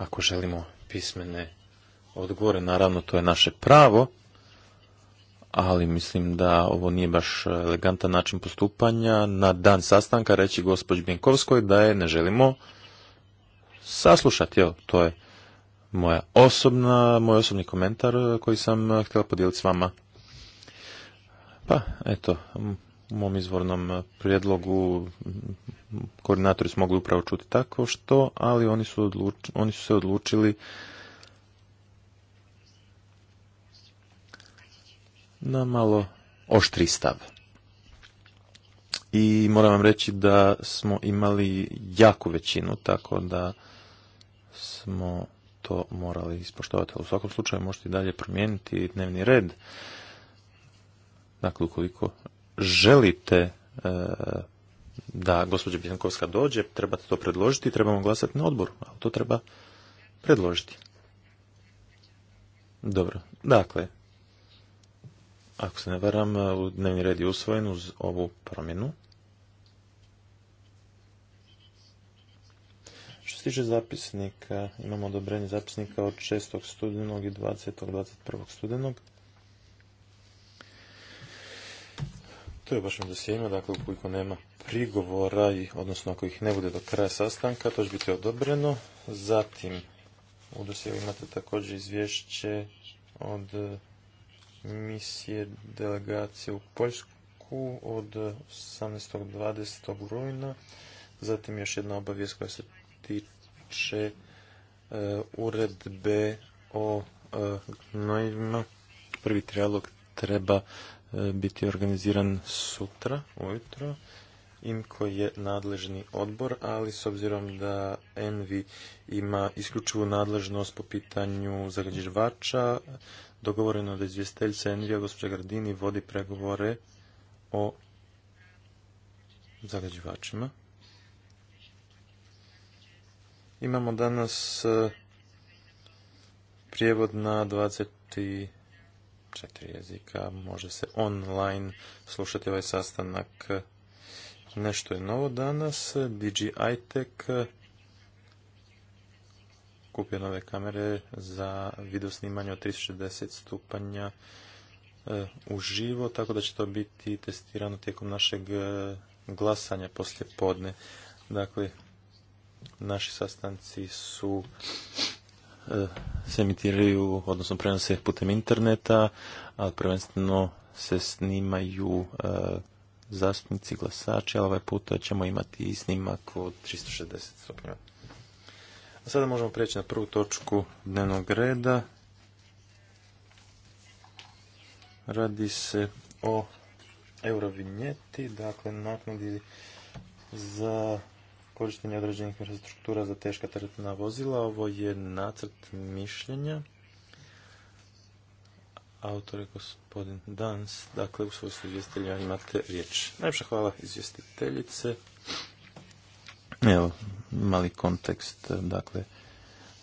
ako želimo pismene odgovore, naravno to je naše pravo, ali mislim da ovo nije baš elegantan način postupanja. Na dan sastanka reći gospođi Bjenkovskoj da je ne želimo saslušati. Evo, to je moja osobna, moj osobni komentar koji sam htjela podijeliti s vama. Pa, eto, u mom izvornom prijedlogu koordinatori su mogli upravo čuti tako što, ali oni su, oni su se odlučili na malo oštri stav. I moram vam reći da smo imali jaku većinu, tako da smo to morali ispoštovati. U svakom slučaju možete i dalje promijeniti dnevni red. Dakle, ukoliko želite e, da gospođa Bjankovska dođe, trebate to predložiti i trebamo glasati na odboru, ali to treba predložiti. Dobro, dakle, ako se ne varam, e, u dnevni red je usvojen uz ovu promjenu. Što se tiče zapisnika, imamo odobrenje zapisnika od 6. studenog i 20. 21. studenog. To je u vašem dakle ukoliko nema prigovora, odnosno ako ih ne bude do kraja sastanka, to će biti odobreno. Zatim, u dosijelu imate također izvješće od eh, misije delegacije u Poljsku od 18.20. rujna. Zatim još jedna obavijest koja se tiče eh, uredbe o e, Prvi trijalog treba biti organiziran sutra ujutro. IMKO je nadležni odbor, ali s obzirom da ENVI ima isključivu nadležnost po pitanju zagađivača, dogovoreno da izvjestiteljica a gospođa Gardini, vodi pregovore o zagađivačima. Imamo danas eh, prijevod na 20 četiri jezika, može se online slušati ovaj sastanak. Nešto je novo danas, DJI Tech kupio nove kamere za video snimanje od 360 stupanja e, u živo, tako da će to biti testirano tijekom našeg e, glasanja poslje podne. Dakle, naši sastanci su E, se emitiraju, odnosno prenose putem interneta, a prvenstveno se snimaju e, zastupnici, glasači, ali ovaj puta ćemo imati i snimak od 360 stupnjeva. A sada možemo preći na prvu točku dnevnog reda. Radi se o eurovinjeti, dakle naknadi za korištenje određenih infrastruktura za teška teretna vozila. Ovo je nacrt mišljenja. Autor je gospodin Dans. Dakle, u svojstvu izvjestitelja imate riječ. Najpša hvala izvjestiteljice. Evo, mali kontekst. Dakle,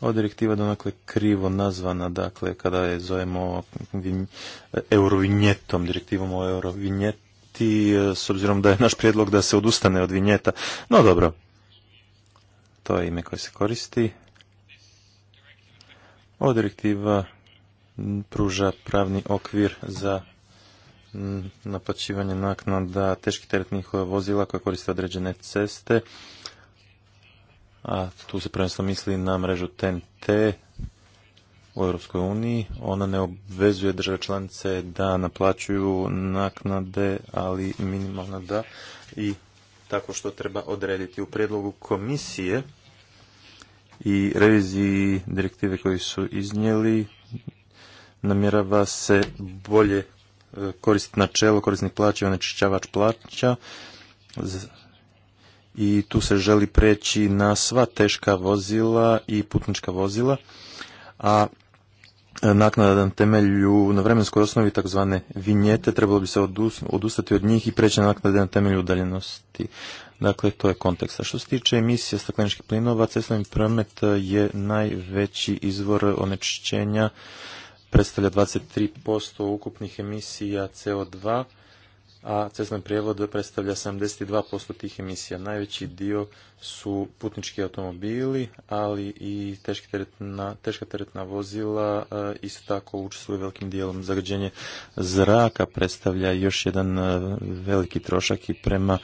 ova direktiva je donakle krivo nazvana, dakle, kada je zovemo e, eurovinjetom, direktivom o eurovinjetu, e, s obzirom da je naš prijedlog da se odustane od vinjeta. No dobro, to je ime koje se koristi. Ova direktiva pruža pravni okvir za naplaćivanje naknada teških teretnih vozila koja koriste određene ceste, a tu se prvenstveno misli na mrežu TNT u Europskoj uniji. Ona ne obvezuje države članice da naplaćuju naknade, ali minimalna da i tako što treba odrediti u predlogu komisije i reviziji direktive koji su iznijeli namjerava se bolje e, koristiti načelo korisnih plaća i onečišćavač plaća i tu se želi preći na sva teška vozila i putnička vozila, a e, naknada na temelju na vremenskoj osnovi takozvane vinjete trebalo bi se odustati od njih i preći na naknade na temelju udaljenosti. Dakle, to je kontekst. A što se tiče emisije stakleničkih plinova, cestovni promet je najveći izvor onečišćenja, predstavlja 23% ukupnih emisija CO2, a cestovni prijevod predstavlja 72% tih emisija. Najveći dio su putnički automobili, ali i teška teretna, vozila e, isto tako učestvuju velikim dijelom. Zagađenje zraka predstavlja još jedan e, veliki trošak i prema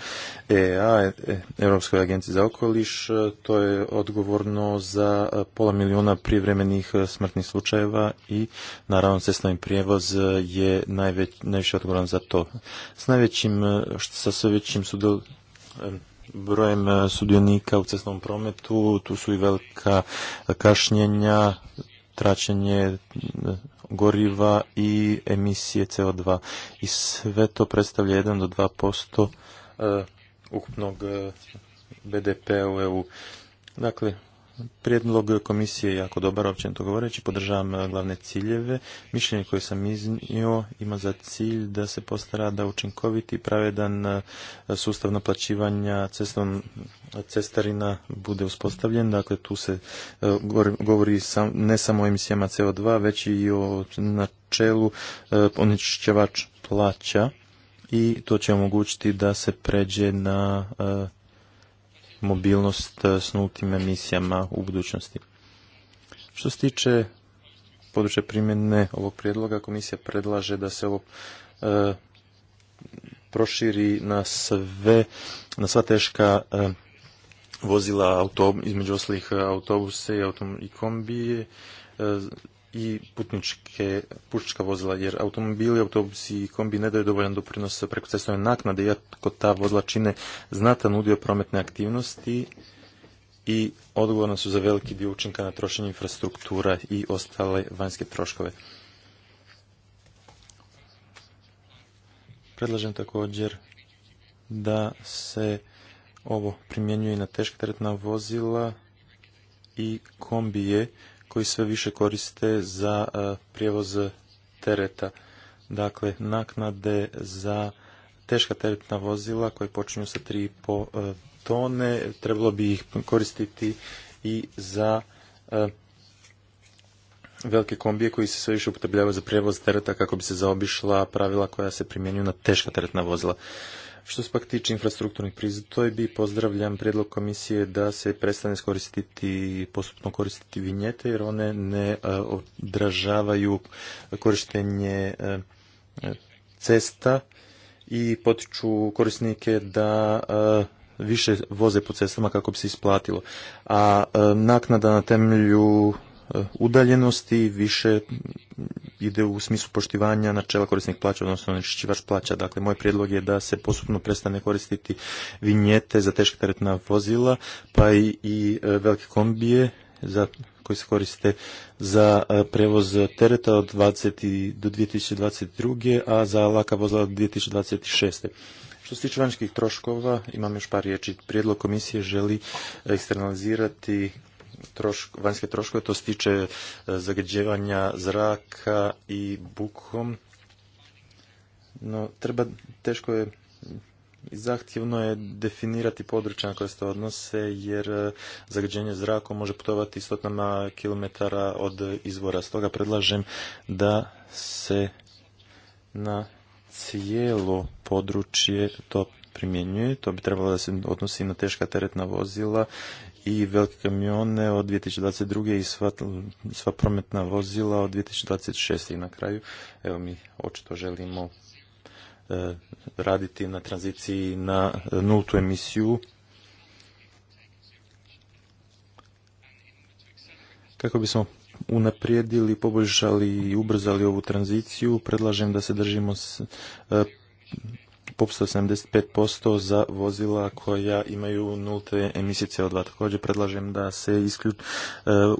EA, e, Europskoj agenciji za okoliš, to je odgovorno za pola milijuna privremenih smrtnih slučajeva i naravno cestovni prijevoz je najviše odgovoran za to. S najvećim, sa sve većim su brojem e, sudionika u cestnom prometu, tu su i velika kašnjenja, traćenje e, goriva i emisije CO2. I sve to predstavlja 1 do 2% e, ukupnog BDP p-a u EU. Dakle, Prijedlog komisije je jako dobar, općenito govoreći, podržavam e, glavne ciljeve. Mišljenje koje sam iznio ima za cilj da se postara da učinkoviti i pravedan e, sustav naplaćivanja cestarina bude uspostavljen. Dakle, tu se e, govori ne samo o emisijama CO2, već i o načelu onečišćavač plaća i to će omogućiti da se pređe na mobilnost e, s nultim emisijama u budućnosti. Što se tiče područja primjene ovog prijedloga, komisija predlaže da se ovo e, proširi na sve, na sva teška e, vozila, između oslih autobuse i, autom, i kombije, i putničke, putnička vozila, jer automobili, autobusi i kombi ne daju dovoljan doprinos preko cestovne naknade, iako ta vozila čine znatan udio prometne aktivnosti i odgovorna su za veliki dio učinka na trošenje infrastruktura i ostale vanjske troškove. Predlažem također da se ovo primjenjuje na teška teretna vozila i kombije koji sve više koriste za e, prijevoz tereta. Dakle, naknade za teška teretna vozila koje počinju sa 3,5 e, tone, trebalo bi ih koristiti i za e, velike kombije koji se sve više upotrebljavaju za prijevoz tereta kako bi se zaobišla pravila koja se primjenjuju na teška teretna vozila. Što se pak tiče infrastrukturnih pristojbi, pozdravljam predlog komisije da se prestane koristiti, postupno koristiti vinjete jer one ne e, odražavaju korištenje e, e, cesta i potiču korisnike da više voze po cestama kako bi se isplatilo. A naknada na temelju udaljenosti, više ide u smislu poštivanja načela korisnik plaća, odnosno onečišćivač plaća. Dakle, moj prijedlog je da se postupno prestane koristiti vinjete za teška teretna vozila, pa i, i e, velike kombije za koji se koriste za e, prevoz tereta od 20. do 2022. a za laka vozila od 2026. Što se tiče vanjskih troškova, imam još par riječi. Prijedlog komisije želi e, eksternalizirati vanjske troškove, to se tiče e, zagađivanja zraka i bukom. No, treba, teško je i zahtjevno je definirati područja na koje se odnose, jer e, zagađenje zraka može putovati stotnama kilometara od izvora. Stoga predlažem da se na cijelo područje to primjenjuje. To bi trebalo da se odnosi na teška teretna vozila i velike kamione od 2022. i sva, prometna vozila od 2026. i na kraju. Evo mi očito želimo e, raditi na tranziciji na nultu emisiju kako bismo unaprijedili, poboljšali i ubrzali ovu tranziciju, predlažem da se držimo s, e, popust 75% za vozila koja imaju nulte emisije CO2. Također predlažem da se isključ, e,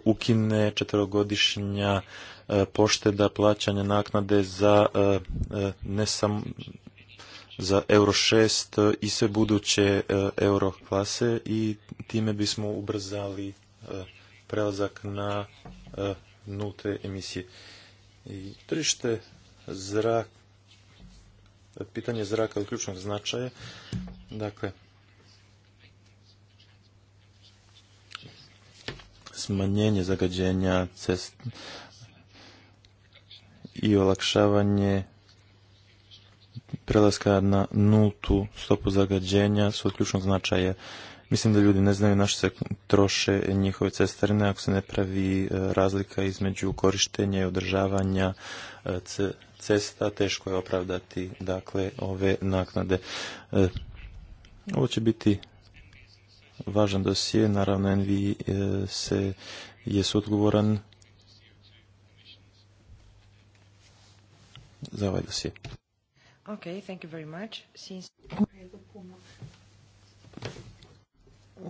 ukine četverogodišnja e, pošteda plaćanja naknade za e, ne samo za Euro 6 i sve buduće Euro klase i time bismo ubrzali prelazak na nulte emisije. I tržište zrak, pitanje zraka od ključnog značaja. Dakle, smanjenje zagađenja cest i olakšavanje prelaska na nultu stopu zagađenja su od ključnog značaja. Mislim da ljudi ne znaju naše se troše njihove cestarine ako se ne pravi e, razlika između korištenja i održavanja e, cesta, teško je opravdati dakle ove naknade. E, ovo će biti važan dosije, naravno vi e, se je odgovoran za ovaj dosije. thank you very much. Since...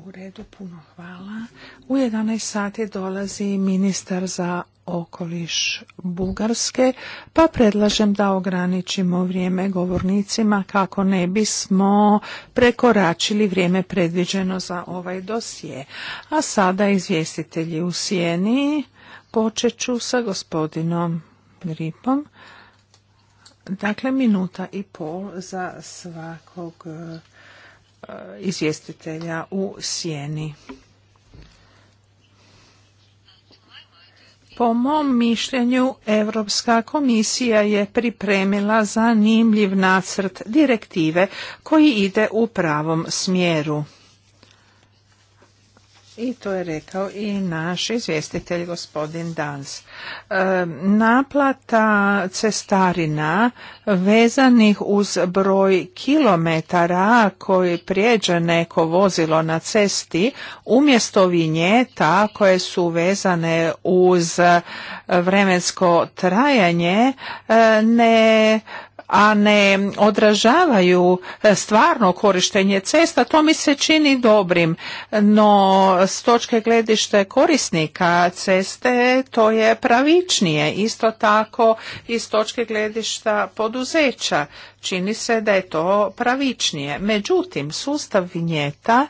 U redu, puno hvala. U 11 sati dolazi ministar za okoliš Bugarske, pa predlažem da ograničimo vrijeme govornicima kako ne bismo prekoračili vrijeme predviđeno za ovaj dosje. A sada izvjestitelji u sjeni počet ću sa gospodinom Gripom. Dakle, minuta i pol za svakog Eh, izvjestitelja u sjeni. Po mom mišljenju, Europska komisija je pripremila zanimljiv nacrt direktive koji ide u pravom smjeru. I to je rekao i naš izvjestitelj gospodin Dans. E, naplata cestarina vezanih uz broj kilometara koji prijeđe neko vozilo na cesti umjesto vinjeta koje su vezane uz vremensko trajanje e, ne a ne odražavaju e, stvarno korištenje cesta, to mi se čini dobrim. No, s točke gledište korisnika ceste, to je pravičnije. Isto tako i točke gledišta poduzeća. Čini se da je to pravičnije. Međutim, sustav vinjeta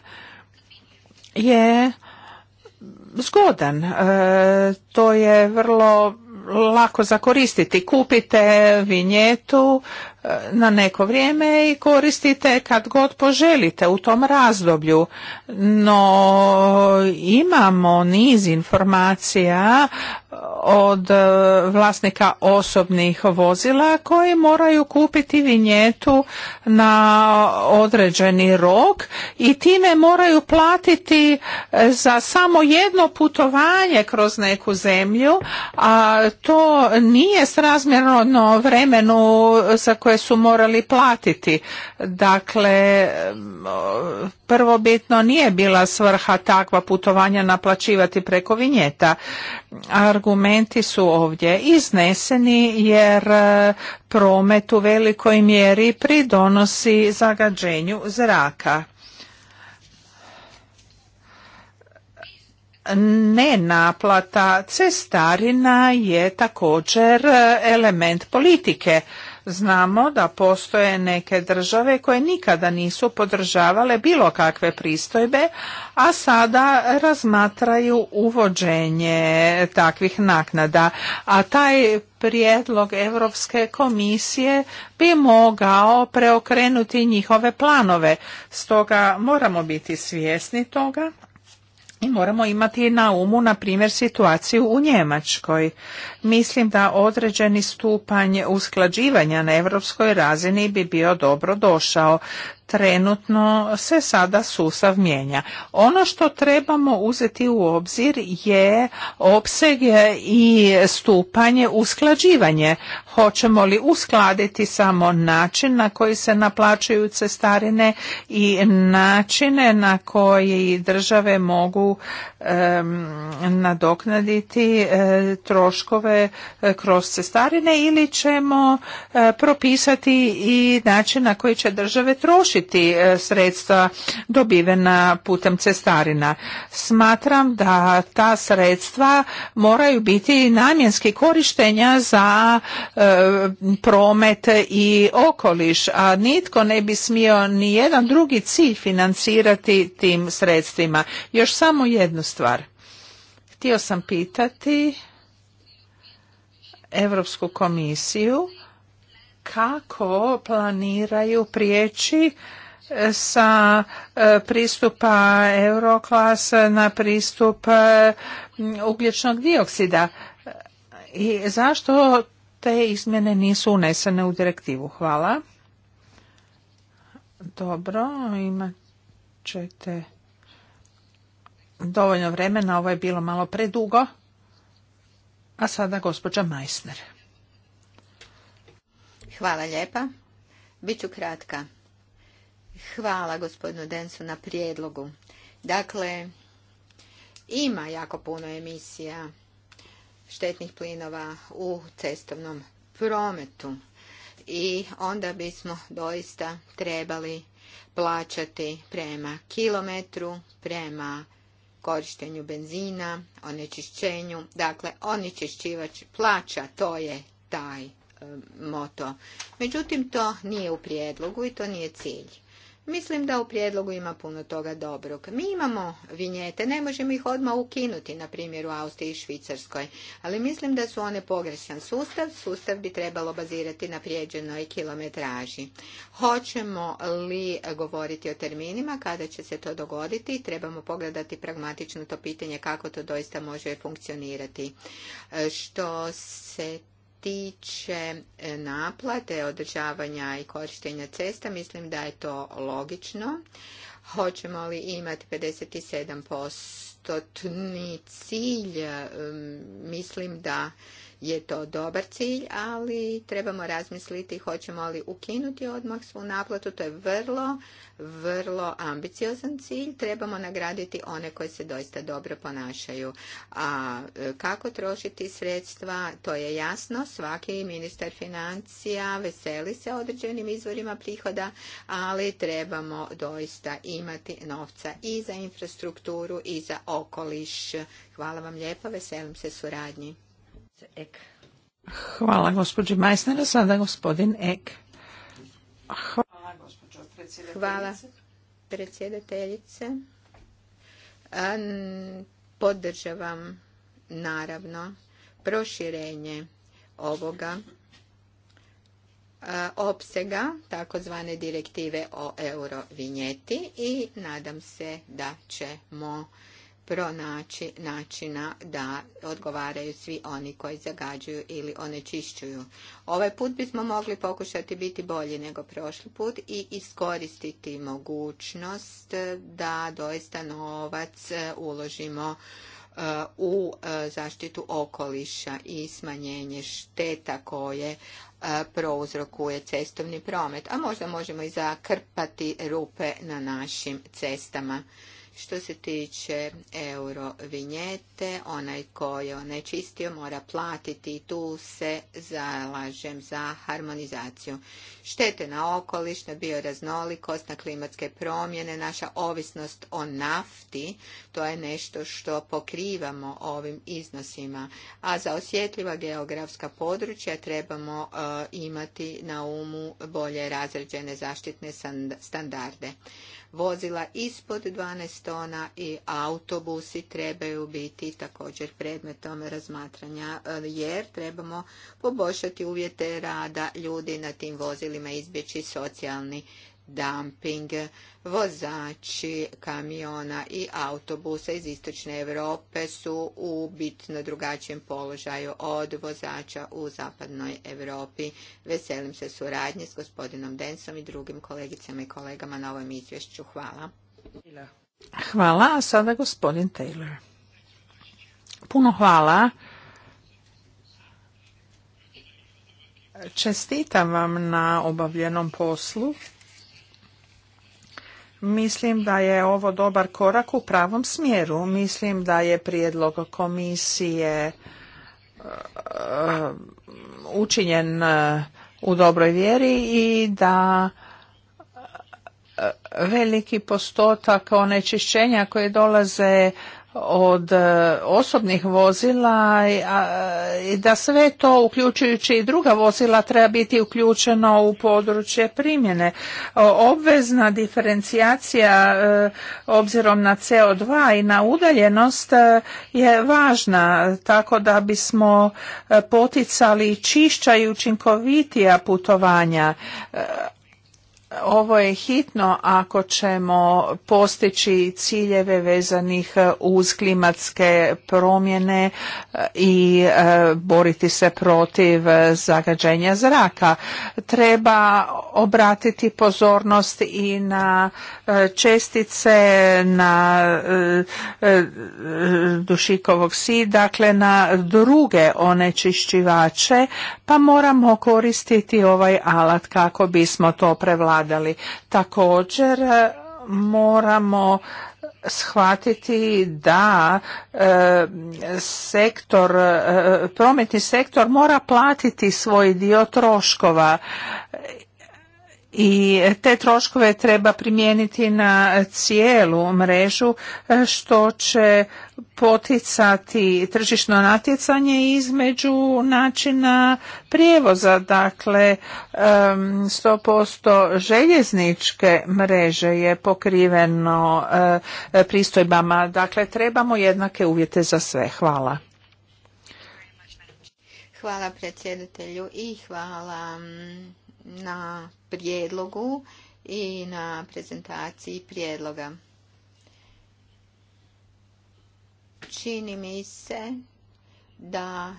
je zgodan. E, to je vrlo lako zakoristiti. Kupite vinjetu, na neko vrijeme i koristite kad god poželite u tom razdoblju. No imamo niz informacija od e, vlasnika osobnih vozila koji moraju kupiti vinjetu na određeni rok i time moraju platiti e, za samo jedno putovanje kroz neku zemlju, a to nije srazmjerno vremenu za koje su morali platiti. Dakle, prvobitno nije bila svrha takva putovanja naplaćivati preko vinjeta. Argumenti su ovdje izneseni jer e, promet u velikoj mjeri pridonosi zagađenju zraka. Nenaplata cestarina je također e, element politike. Znamo da postoje neke države koje nikada nisu podržavale bilo kakve pristojbe, a sada razmatraju uvođenje takvih naknada. A taj prijedlog Europske komisije bi mogao preokrenuti njihove planove. Stoga moramo biti svjesni toga i moramo imati na umu, na primjer, situaciju u Njemačkoj. Mislim da određeni stupanj usklađivanja na europskoj razini bi bio dobro došao trenutno se sada sustav mijenja. Ono što trebamo uzeti u obzir je opseg i stupanje usklađivanje. Hoćemo li uskladiti samo način na koji se naplaćuju cestarine i načine na koji države mogu nadoknaditi e, troškove e, kroz cestarine ili ćemo e, propisati i način na koji će države trošiti trošiti e, sredstva dobivena putem cestarina. Smatram da ta sredstva moraju biti namjenski korištenja za e, promet i okoliš, a nitko ne bi smio ni jedan drugi cilj financirati tim sredstvima. Još samo jednu stvar. Htio sam pitati Europsku komisiju kako planiraju prijeći e, sa e, pristupa Euroklase na pristup e, ugljičnog dioksida. I zašto te izmjene nisu unesene u direktivu? Hvala. Dobro, imat ćete dovoljno vremena, ovo je bilo malo predugo. A sada gospođa Majsner. Hvala lijepa. Biću kratka. Hvala gospodinu Densu na prijedlogu. Dakle, ima jako puno emisija štetnih plinova u cestovnom prometu i onda bismo doista trebali plaćati prema kilometru, prema korištenju benzina, onečišćenju. Dakle, onečišćivač plaća, to je taj moto. Međutim, to nije u prijedlogu i to nije cilj. Mislim da u prijedlogu ima puno toga dobrog. Mi imamo vinjete, ne možemo ih odmah ukinuti, na primjer u Austriji i Švicarskoj, ali mislim da su one pogrešan sustav. Sustav bi trebalo bazirati na prijeđenoj kilometraži. Hoćemo li govoriti o terminima, kada će se to dogoditi, trebamo pogledati pragmatično to pitanje kako to doista može funkcionirati. E, što se tiče e, naplate, održavanja i korištenja cesta, mislim da je to logično. Hoćemo li imati 57% cilj? E, mislim da je to dobar cilj, ali trebamo razmisliti hoćemo li ukinuti odmah svu naplatu. To je vrlo, vrlo ambiciozan cilj. Trebamo nagraditi one koji se doista dobro ponašaju. A e, kako trošiti sredstva, to je jasno. Svaki ministar financija veseli se određenim izvorima prihoda, ali trebamo doista imati novca i za infrastrukturu i za okoliš. Hvala vam lijepa, veselim se suradnji. Hvala gospođi Majsner, a sada gospodin Ek. Hvala gospođo predsjedateljice. Hvala predsjedateljice. Podržavam naravno proširenje ovoga opsega takozvane direktive o eurovinjeti i nadam se da ćemo pronaći načina da odgovaraju svi oni koji zagađuju ili onečišćuju. Ovaj put bismo mogli pokušati biti bolji nego prošli put i iskoristiti mogućnost da doista novac e, uložimo e, u e, zaštitu okoliša i smanjenje šteta koje prouzrokuje cestovni promet, a možda možemo i zakrpati rupe na našim cestama. Što se tiče euro vinjete, onaj ko je onečistio mora platiti i tu se zalažem za harmonizaciju. Štete na okoliš, na bioraznolikost, na klimatske promjene, naša ovisnost o nafti, to je nešto što pokrivamo ovim iznosima. A za osjetljiva geografska područja trebamo e, imati na umu bolje razređene zaštitne standarde vozila ispod 12 tona i autobusi trebaju biti također predmetom razmatranja e, jer trebamo poboljšati uvjete rada ljudi na tim vozilima izbjeći socijalni dumping. Vozači kamiona i autobusa iz Istočne Europe su u bitno drugačijem položaju od vozača u Zapadnoj Europi. Veselim se suradnje s gospodinom Densom i drugim kolegicama i kolegama na ovom izvješću. Hvala. Hvala, a sada gospodin Taylor. Puno hvala. Čestitam vam na obavljenom poslu. Mislim da je ovo dobar korak u pravom smjeru. Mislim da je prijedlog komisije e, učinjen e, u dobroj vjeri i da e, veliki postotak onečišćenja koje dolaze od e, osobnih vozila e, i da sve to uključujući i druga vozila treba biti uključeno u područje primjene. Obvezna diferencijacija e, obzirom na CO2 i na udaljenost je važna tako da bismo poticali čišća i učinkovitija putovanja ovo je hitno ako ćemo postići ciljeve vezanih uz klimatske promjene e, i e, boriti se protiv zagađenja zraka. Treba obratiti pozornost i na e, čestice na dušikovog si, dakle na druge onečišćivače, pa moramo koristiti ovaj alat kako bismo to prevladili stradali. Također e, moramo shvatiti da e, sektor e, prometni sektor mora platiti svoj dio troškova i te troškove treba primijeniti na cijelu mrežu e, što će poticati tržišno natjecanje između načina prijevoza, dakle 100% željezničke mreže je pokriveno e, pristojbama, dakle trebamo jednake uvjete za sve. Hvala. Hvala predsjedatelju i hvala mm, na prijedlogu i na prezentaciji prijedloga. Čini mi se da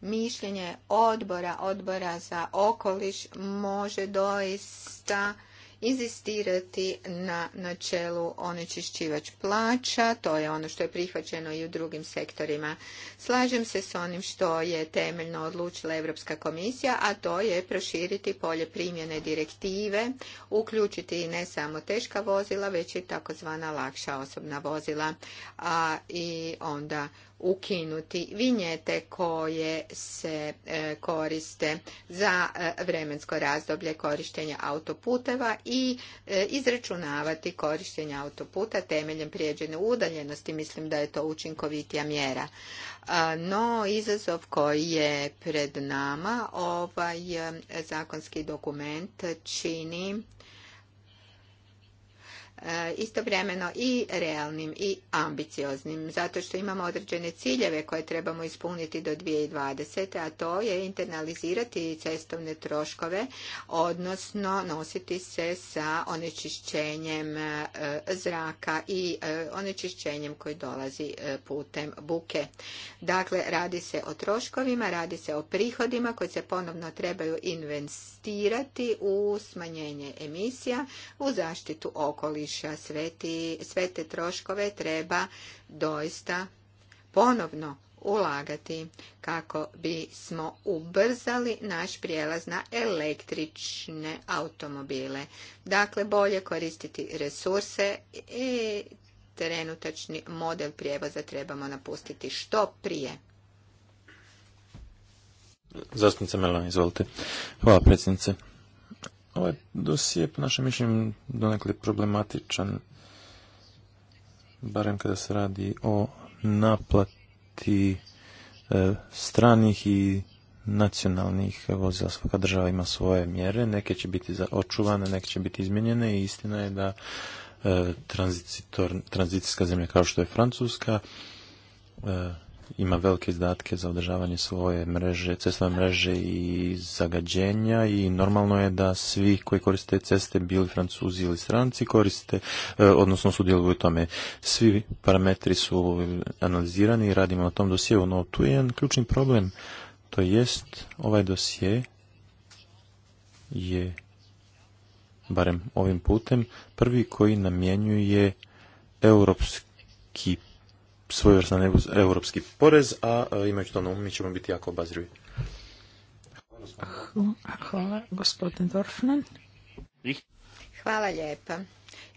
mišljenje odbora, odbora za okoliš može doista inzistirati na načelu onečišćivač plaća. To je ono što je prihvaćeno i u drugim sektorima. Slažem se s onim što je temeljno odlučila Europska komisija, a to je proširiti polje primjene direktive, uključiti ne samo teška vozila, već i takozvana lakša osobna vozila, a i onda ukinuti vinjete koje se e, koriste za e, vremensko razdoblje korištenja autoputeva i e, izračunavati korištenje autoputa temeljem prijeđene udaljenosti. Mislim da je to učinkovitija mjera. No, izazov koji je pred nama, ovaj zakonski dokument čini E, istovremeno i realnim i ambicioznim, zato što imamo određene ciljeve koje trebamo ispuniti do 2020. a to je internalizirati cestovne troškove, odnosno nositi se sa onečišćenjem e, zraka i e, onečišćenjem koji dolazi putem buke. Dakle, radi se o troškovima, radi se o prihodima koji se ponovno trebaju investirati u smanjenje emisija, u zaštitu okoliša Svete Sve, te troškove treba doista ponovno ulagati kako bismo ubrzali naš prijelaz na električne automobile. Dakle, bolje koristiti resurse i trenutačni model prijevoza trebamo napustiti što prije. Zastupnica izvolite. Hvala predsjednice. Ovaj dosije, po našem mišljenju, donekle problematičan, barem kada se radi o naplati e, stranih i nacionalnih vozila. Svaka država ima svoje mjere, neke će biti očuvane, neke će biti izmijenjene i istina je da e, tranzicijska zemlja kao što je Francuska e, ima velike izdatke za održavanje svoje mreže, cestove mreže i zagađenja i normalno je da svi koji koriste ceste, bili francuzi ili stranci, koriste, e, odnosno sudjeluju u tome. Svi parametri su analizirani i radimo na tom dosjeu, no tu je jedan ključni problem, to jest ovaj dosje je barem ovim putem, prvi koji namjenjuje europski svojevrstan europski porez, a e, imajući to na umu mi ćemo biti jako obazrivi. Hvala, gospodin Dorfman. Hvala lijepa.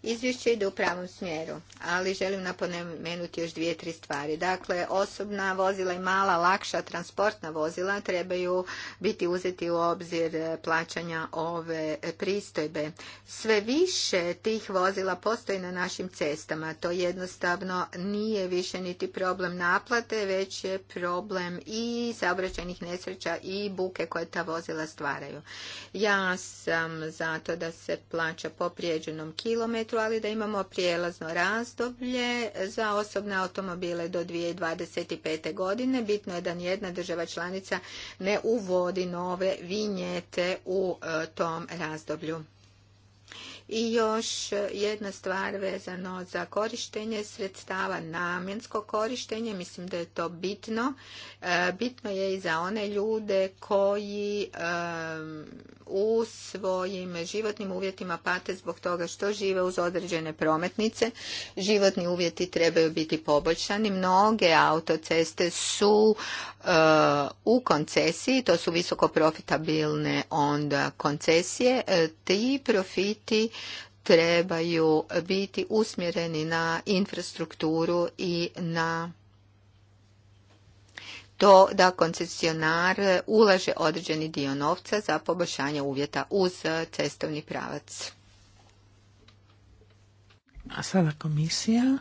Izvješće ide u pravom smjeru, ali želim napomenuti još dvije, tri stvari. Dakle, osobna vozila i mala, lakša transportna vozila trebaju biti uzeti u obzir plaćanja ove pristojbe. Sve više tih vozila postoji na našim cestama. To jednostavno nije više niti problem naplate, već je problem i saobraćajnih nesreća i buke koje ta vozila stvaraju. Ja sam za to da se plaća po prijeđenom kilometru, ali da imamo prijelazno razdoblje za osobne automobile do 2025. godine. Bitno je da nijedna država članica ne uvodi nove vinjete u e, tom razdoblju. I još jedna stvar vezano za korištenje sredstava, namjensko korištenje, mislim da je to bitno. E, bitno je i za one ljude koji u svojim životnim uvjetima pate zbog toga što žive uz određene prometnice. Životni uvjeti trebaju biti poboljšani. Mnoge autoceste su u koncesiji, to su visoko profitabilne onda koncesije, e, ti profiti trebaju biti usmjereni na infrastrukturu i na to da koncesionar ulaže određeni dio novca za poboljšanje uvjeta uz cestovni pravac. A sada komisija.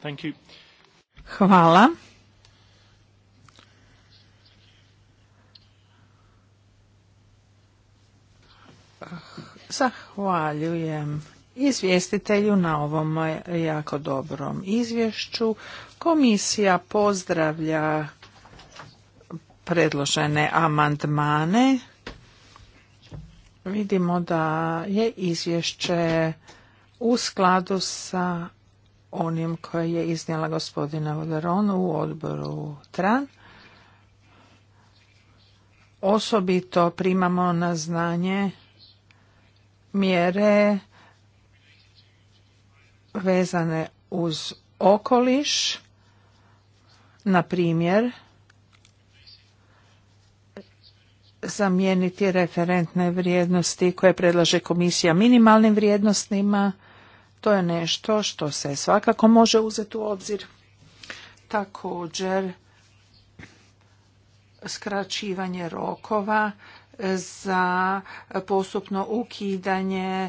Thank you. Hvala. Zahvaljujem izvjestitelju na ovom jako dobrom izvješću. Komisija pozdravlja predložene amandmane. Vidimo da je izvješće u skladu sa onim koje je iznijela gospodina Vodaronu u odboru TRAN. Osobito primamo na znanje mjere vezane uz okoliš, na primjer, zamijeniti referentne vrijednosti koje predlaže komisija minimalnim vrijednostima to je nešto što se svakako može uzeti u obzir. Također, skraćivanje rokova za postupno ukidanje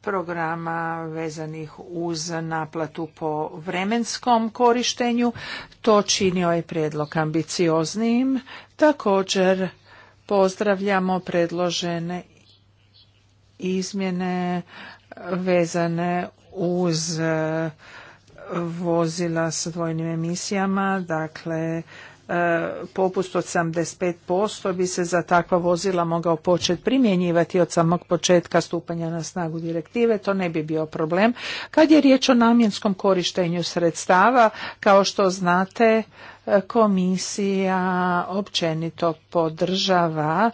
programa vezanih uz naplatu po vremenskom korištenju. To čini ovaj prijedlog ambicioznim. Također pozdravljamo predložene izmjene vezane uz e, vozila s dvojnim emisijama, dakle e, popust od 75% bi se za takva vozila mogao početi primjenjivati od samog početka stupanja na snagu direktive, to ne bi bio problem. Kad je riječ o namjenskom korištenju sredstava, kao što znate, e, komisija općenito podržava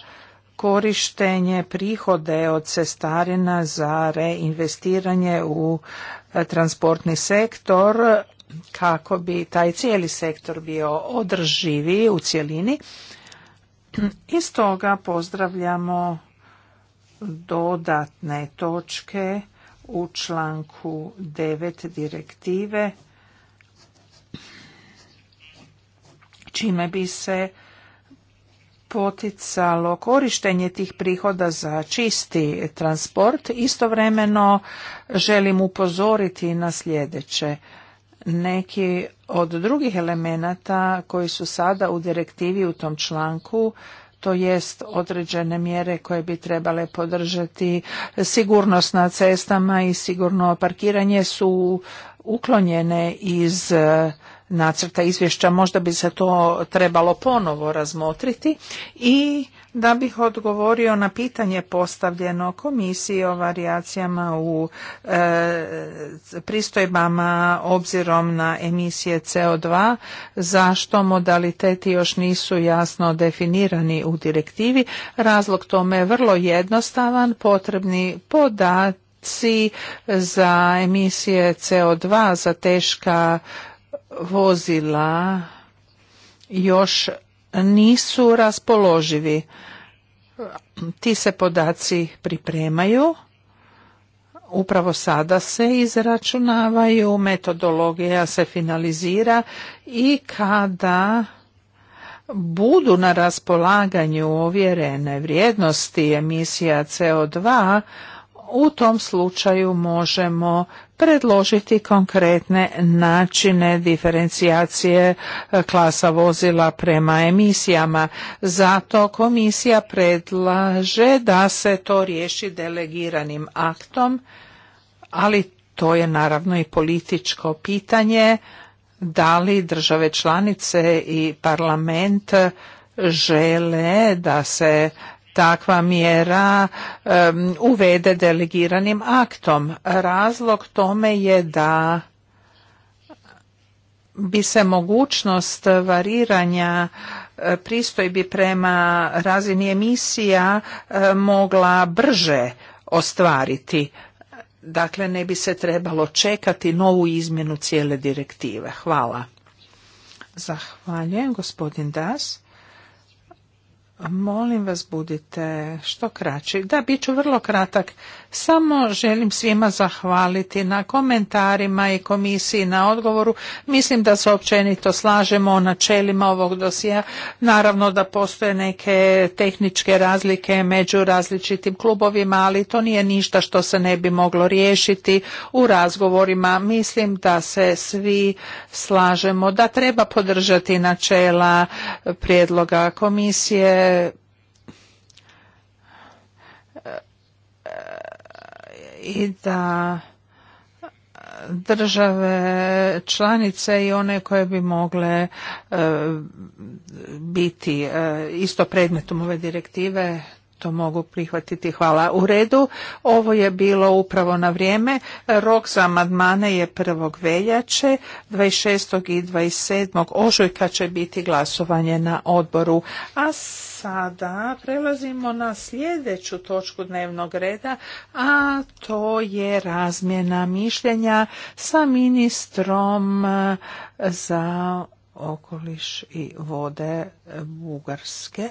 korištenje prihode od cestarina za reinvestiranje u e, transportni sektor kako bi taj cijeli sektor bio održiviji u cjelini. I stoga pozdravljamo dodatne točke u članku 9 direktive čime bi se poticalo korištenje tih prihoda za čisti transport, istovremeno želim upozoriti na sljedeće. Neki od drugih elemenata koji su sada u direktivi u tom članku to jest određene mjere koje bi trebale podržati sigurnost na cestama i sigurno parkiranje su uklonjene iz nacrta izvješća, možda bi se to trebalo ponovo razmotriti i da bih odgovorio na pitanje postavljeno komisiji o varijacijama u e, pristojbama obzirom na emisije CO2, zašto modaliteti još nisu jasno definirani u direktivi. Razlog tome je vrlo jednostavan, potrebni podaci za emisije CO2 za teška vozila još nisu raspoloživi. Ti se podaci pripremaju. Upravo sada se izračunavaju, metodologija se finalizira i kada budu na raspolaganju ovjerene vrijednosti emisija CO2, u tom slučaju možemo predložiti konkretne načine diferencijacije e, klasa vozila prema emisijama. Zato komisija predlaže da se to riješi delegiranim aktom, ali to je naravno i političko pitanje da li države članice i parlament žele da se takva mjera uvede delegiranim aktom. Razlog tome je da bi se mogućnost variranja eh, pristojbi prema razini emisija eh, mogla brže ostvariti. Dakle, ne bi se trebalo čekati novu izmjenu cijele direktive. Hvala. Zahvaljujem, gospodin Das. Molim vas budite što kraći. Da, bit ću vrlo kratak. Samo želim svima zahvaliti na komentarima i komisiji na odgovoru. Mislim da se općenito slažemo o načelima ovog dosija. Naravno da postoje neke tehničke razlike među različitim klubovima, ali to nije ništa što se ne bi moglo riješiti u razgovorima. Mislim da se svi slažemo da treba podržati načela prijedloga komisije i da države članice i one koje bi mogle e, biti e, isto predmetom ove direktive to mogu prihvatiti. Hvala. U redu, ovo je bilo upravo na vrijeme. Rok za amandmane je 1. veljače, 26. i 27. ožujka će biti glasovanje na odboru. A sada prelazimo na sljedeću točku dnevnog reda, a to je razmjena mišljenja sa ministrom e, za okoliš i vode Bugarske.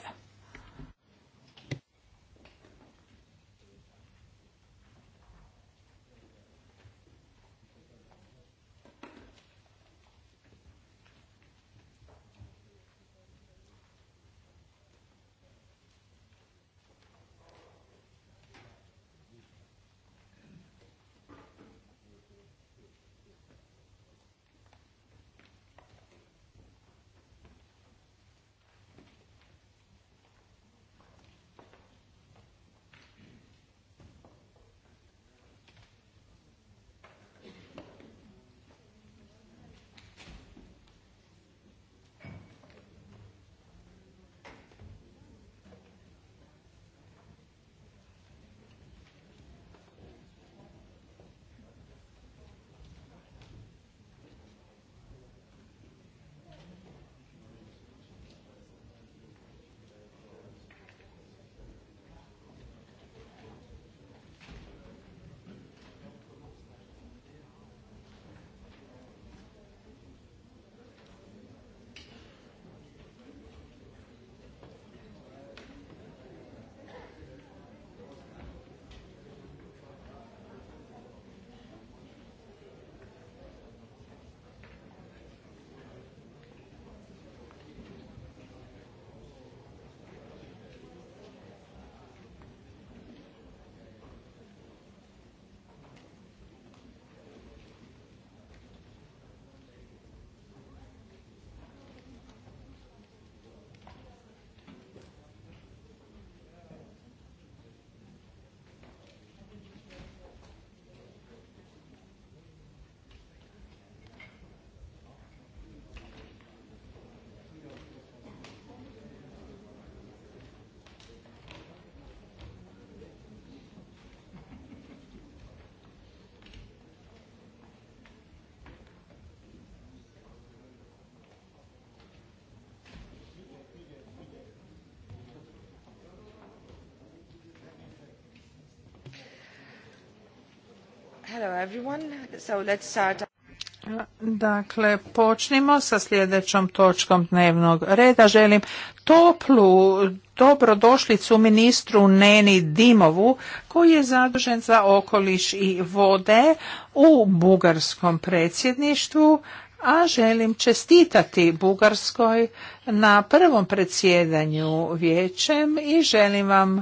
Dakle, počnimo sa sljedećom točkom dnevnog reda. Želim toplu dobrodošlicu ministru Neni Dimovu koji je zadužen za okoliš i vode u bugarskom predsjedništvu, a želim čestitati Bugarskoj na prvom predsjedanju vijećem i želim vam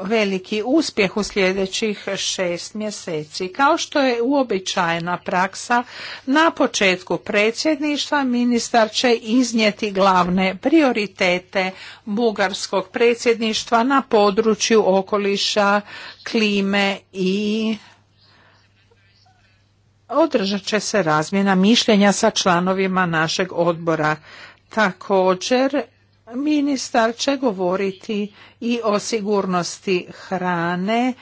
veliki uspjeh u sljedećih šest mjeseci. Kao što je uobičajena praksa, na početku predsjedništva ministar će iznijeti glavne prioritete bugarskog predsjedništva na području okoliša, klime i održat će se razmjena mišljenja sa članovima našeg odbora. Također Ministar će govoriti i o sigurnosti hrane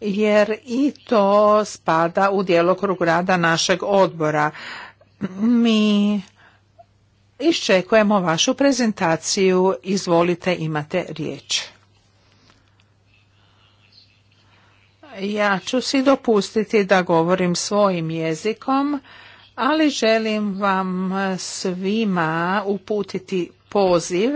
jer i to spada u djelokrug rada našeg odbora. Mi iščekujemo vašu prezentaciju. Izvolite, imate riječ. Ja ću si dopustiti da govorim svojim jezikom, ali želim vam svima uputiti poziv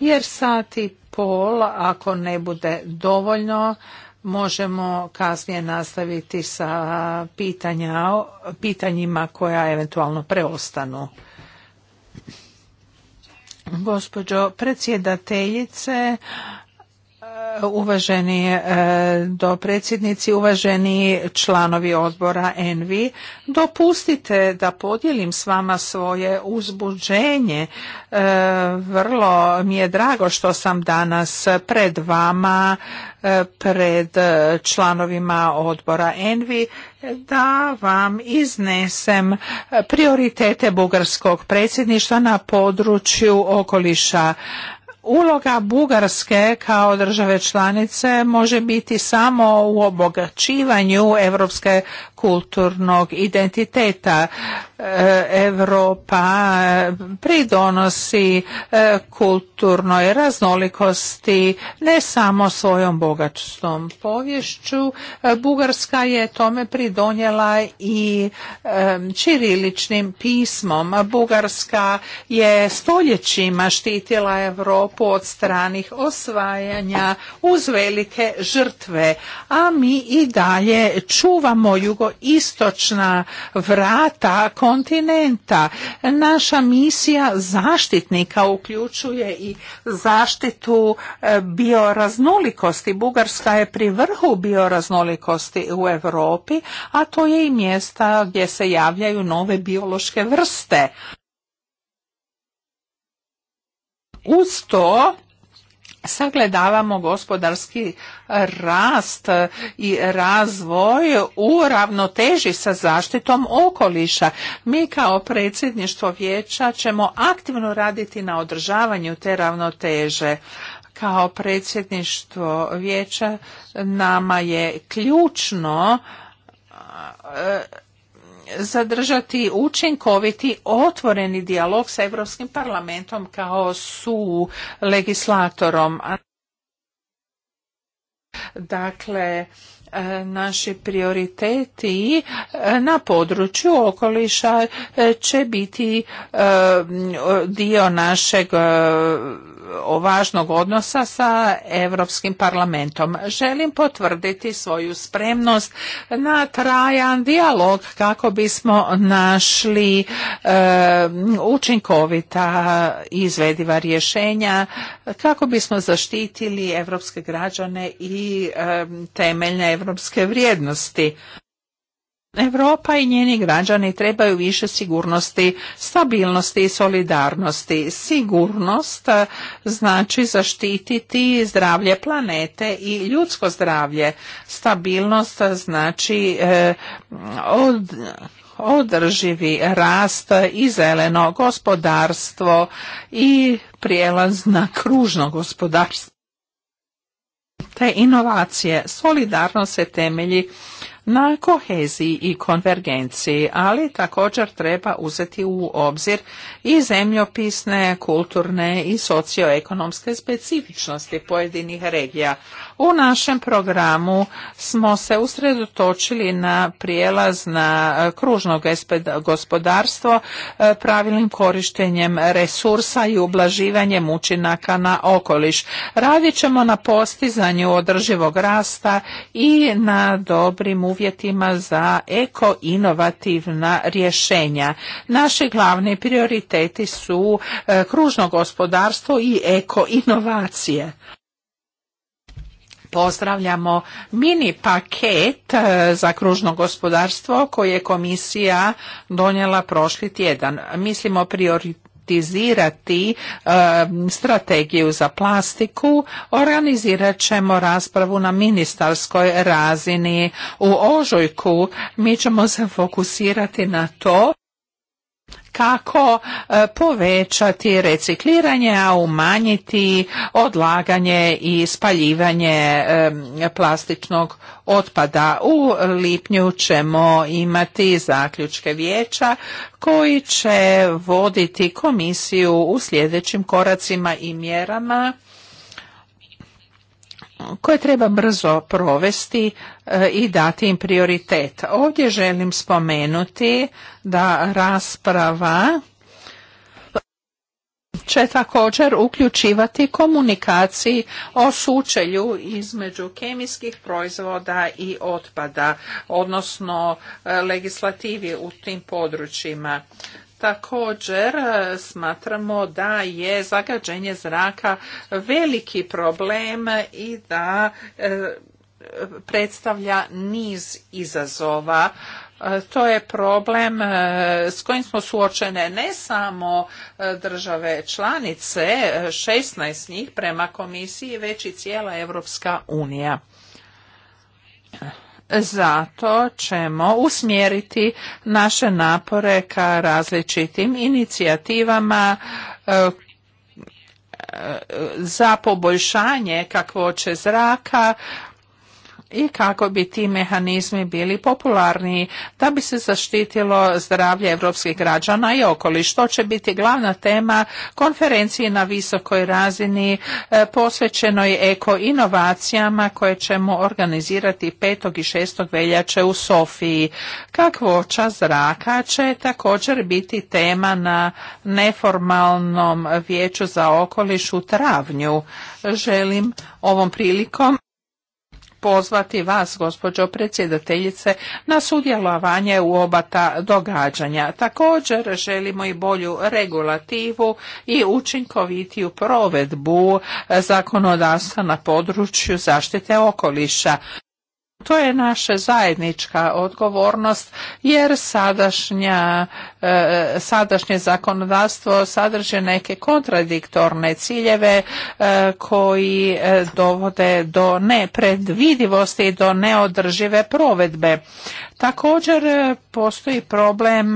jer sati pol ako ne bude dovoljno možemo kasnije nastaviti sa pitanja, pitanjima koja eventualno preostanu. Gospođo predsjedateljice, uvaženi e, dopredsjednici, uvaženi članovi odbora Envi. Dopustite da podijelim s vama svoje uzbuđenje. E, vrlo mi je drago što sam danas pred vama, e, pred članovima odbora Envi, da vam iznesem prioritete bugarskog predsjedništva na području okoliša. Uloga Bugarske kao države članice može biti samo u obogaćivanju europske kulturnog identiteta. Europa e, pridonosi e, kulturnoj raznolikosti ne samo svojom bogatstvom povješću. E, Bugarska je tome pridonjela i čiriličnim pismom. Bugarska je stoljećima štitila Europu od stranih osvajanja uz velike žrtve, a mi i dalje čuvamo jugo istočna vrata kontinenta. Naša misija zaštitnika uključuje i zaštitu e, bioraznolikosti. Bugarska je pri vrhu bioraznolikosti u Europi, a to je i mjesta gdje se javljaju nove biološke vrste. Uz to sagledavamo gospodarski rast i razvoj u ravnoteži sa zaštitom okoliša. Mi kao predsjedništvo vijeća ćemo aktivno raditi na održavanju te ravnoteže kao predsjedništvo vijeća nama je ključno zadržati učinkoviti otvoreni dijalog sa Europskim parlamentom kao su legislatorom. Dakle, e, naši prioriteti e, na području okoliša e, će biti dio našeg važnog odnosa sa Europskim parlamentom. Želim potvrditi svoju spremnost na trajan dijalog kako bismo našli e, učinkovita i izvediva rješenja kako bismo zaštitili europske građane i e, temeljne europske vrijednosti. Europa i njeni građani trebaju više sigurnosti, stabilnosti i solidarnosti. Sigurnost eh, znači zaštititi zdravlje planete i ljudsko zdravlje. Stabilnost eh, znači eh, održivi rast i zeleno gospodarstvo i prijelaz na kružno gospodarstvo. Te inovacije solidarnost se temelji na koheziji i konvergenciji, ali također treba uzeti u obzir i zemljopisne, kulturne i socioekonomske specifičnosti pojedinih regija. U našem programu smo se usredotočili na prijelaz na e, kružno gospodarstvo e, pravilnim korištenjem resursa i ublaživanjem učinaka na okoliš. Radit ćemo na postizanju održivog rasta i na dobrim uvjetima za eko-inovativna rješenja. Naši glavni prioriteti su e, kružno gospodarstvo i eko-inovacije. Pozdravljamo mini paket e, za kružno gospodarstvo koje je komisija donijela prošli tjedan. Mislimo prioritizirati e, strategiju za plastiku, organizirat ćemo raspravu na ministarskoj razini. U ožujku mi ćemo se fokusirati na to kako e, povećati recikliranje, a umanjiti odlaganje i spaljivanje e, plastičnog otpada. U lipnju ćemo imati zaključke vijeća koji će voditi komisiju u sljedećim koracima i mjerama koje treba brzo provesti e, i dati im prioritet. Ovdje želim spomenuti da rasprava će također uključivati komunikaciji o sučelju između kemijskih proizvoda i otpada, odnosno e, legislativi u tim područjima. Također e, smatramo da je zagađenje zraka veliki problem i da e, predstavlja niz izazova. E, to je problem s kojim smo suočene ne samo države članice, 16 njih prema komisiji, već i cijela Europska unija. Zato ćemo usmjeriti naše napore ka različitim inicijativama e, e, za poboljšanje kakvoće zraka i kako bi ti mehanizmi bili popularniji da bi se zaštitilo zdravlje europskih građana i okoliš. To će biti glavna tema konferencije na visokoj razini e, posvećenoj eko-inovacijama koje ćemo organizirati 5. i 6. veljače u Sofiji. Kakvoća zraka će također biti tema na neformalnom vijeću za okoliš u travnju. Želim ovom prilikom pozvati vas, gospođo predsjedateljice, na sudjelovanje u oba ta događanja. Također želimo i bolju regulativu i učinkovitiju provedbu zakonodavstva na području zaštite okoliša. To je naša zajednička odgovornost jer sadašnja, e, sadašnje zakonodavstvo sadrže neke kontradiktorne ciljeve e, koji e, dovode do nepredvidivosti i do neodržive provedbe. Također postoji problem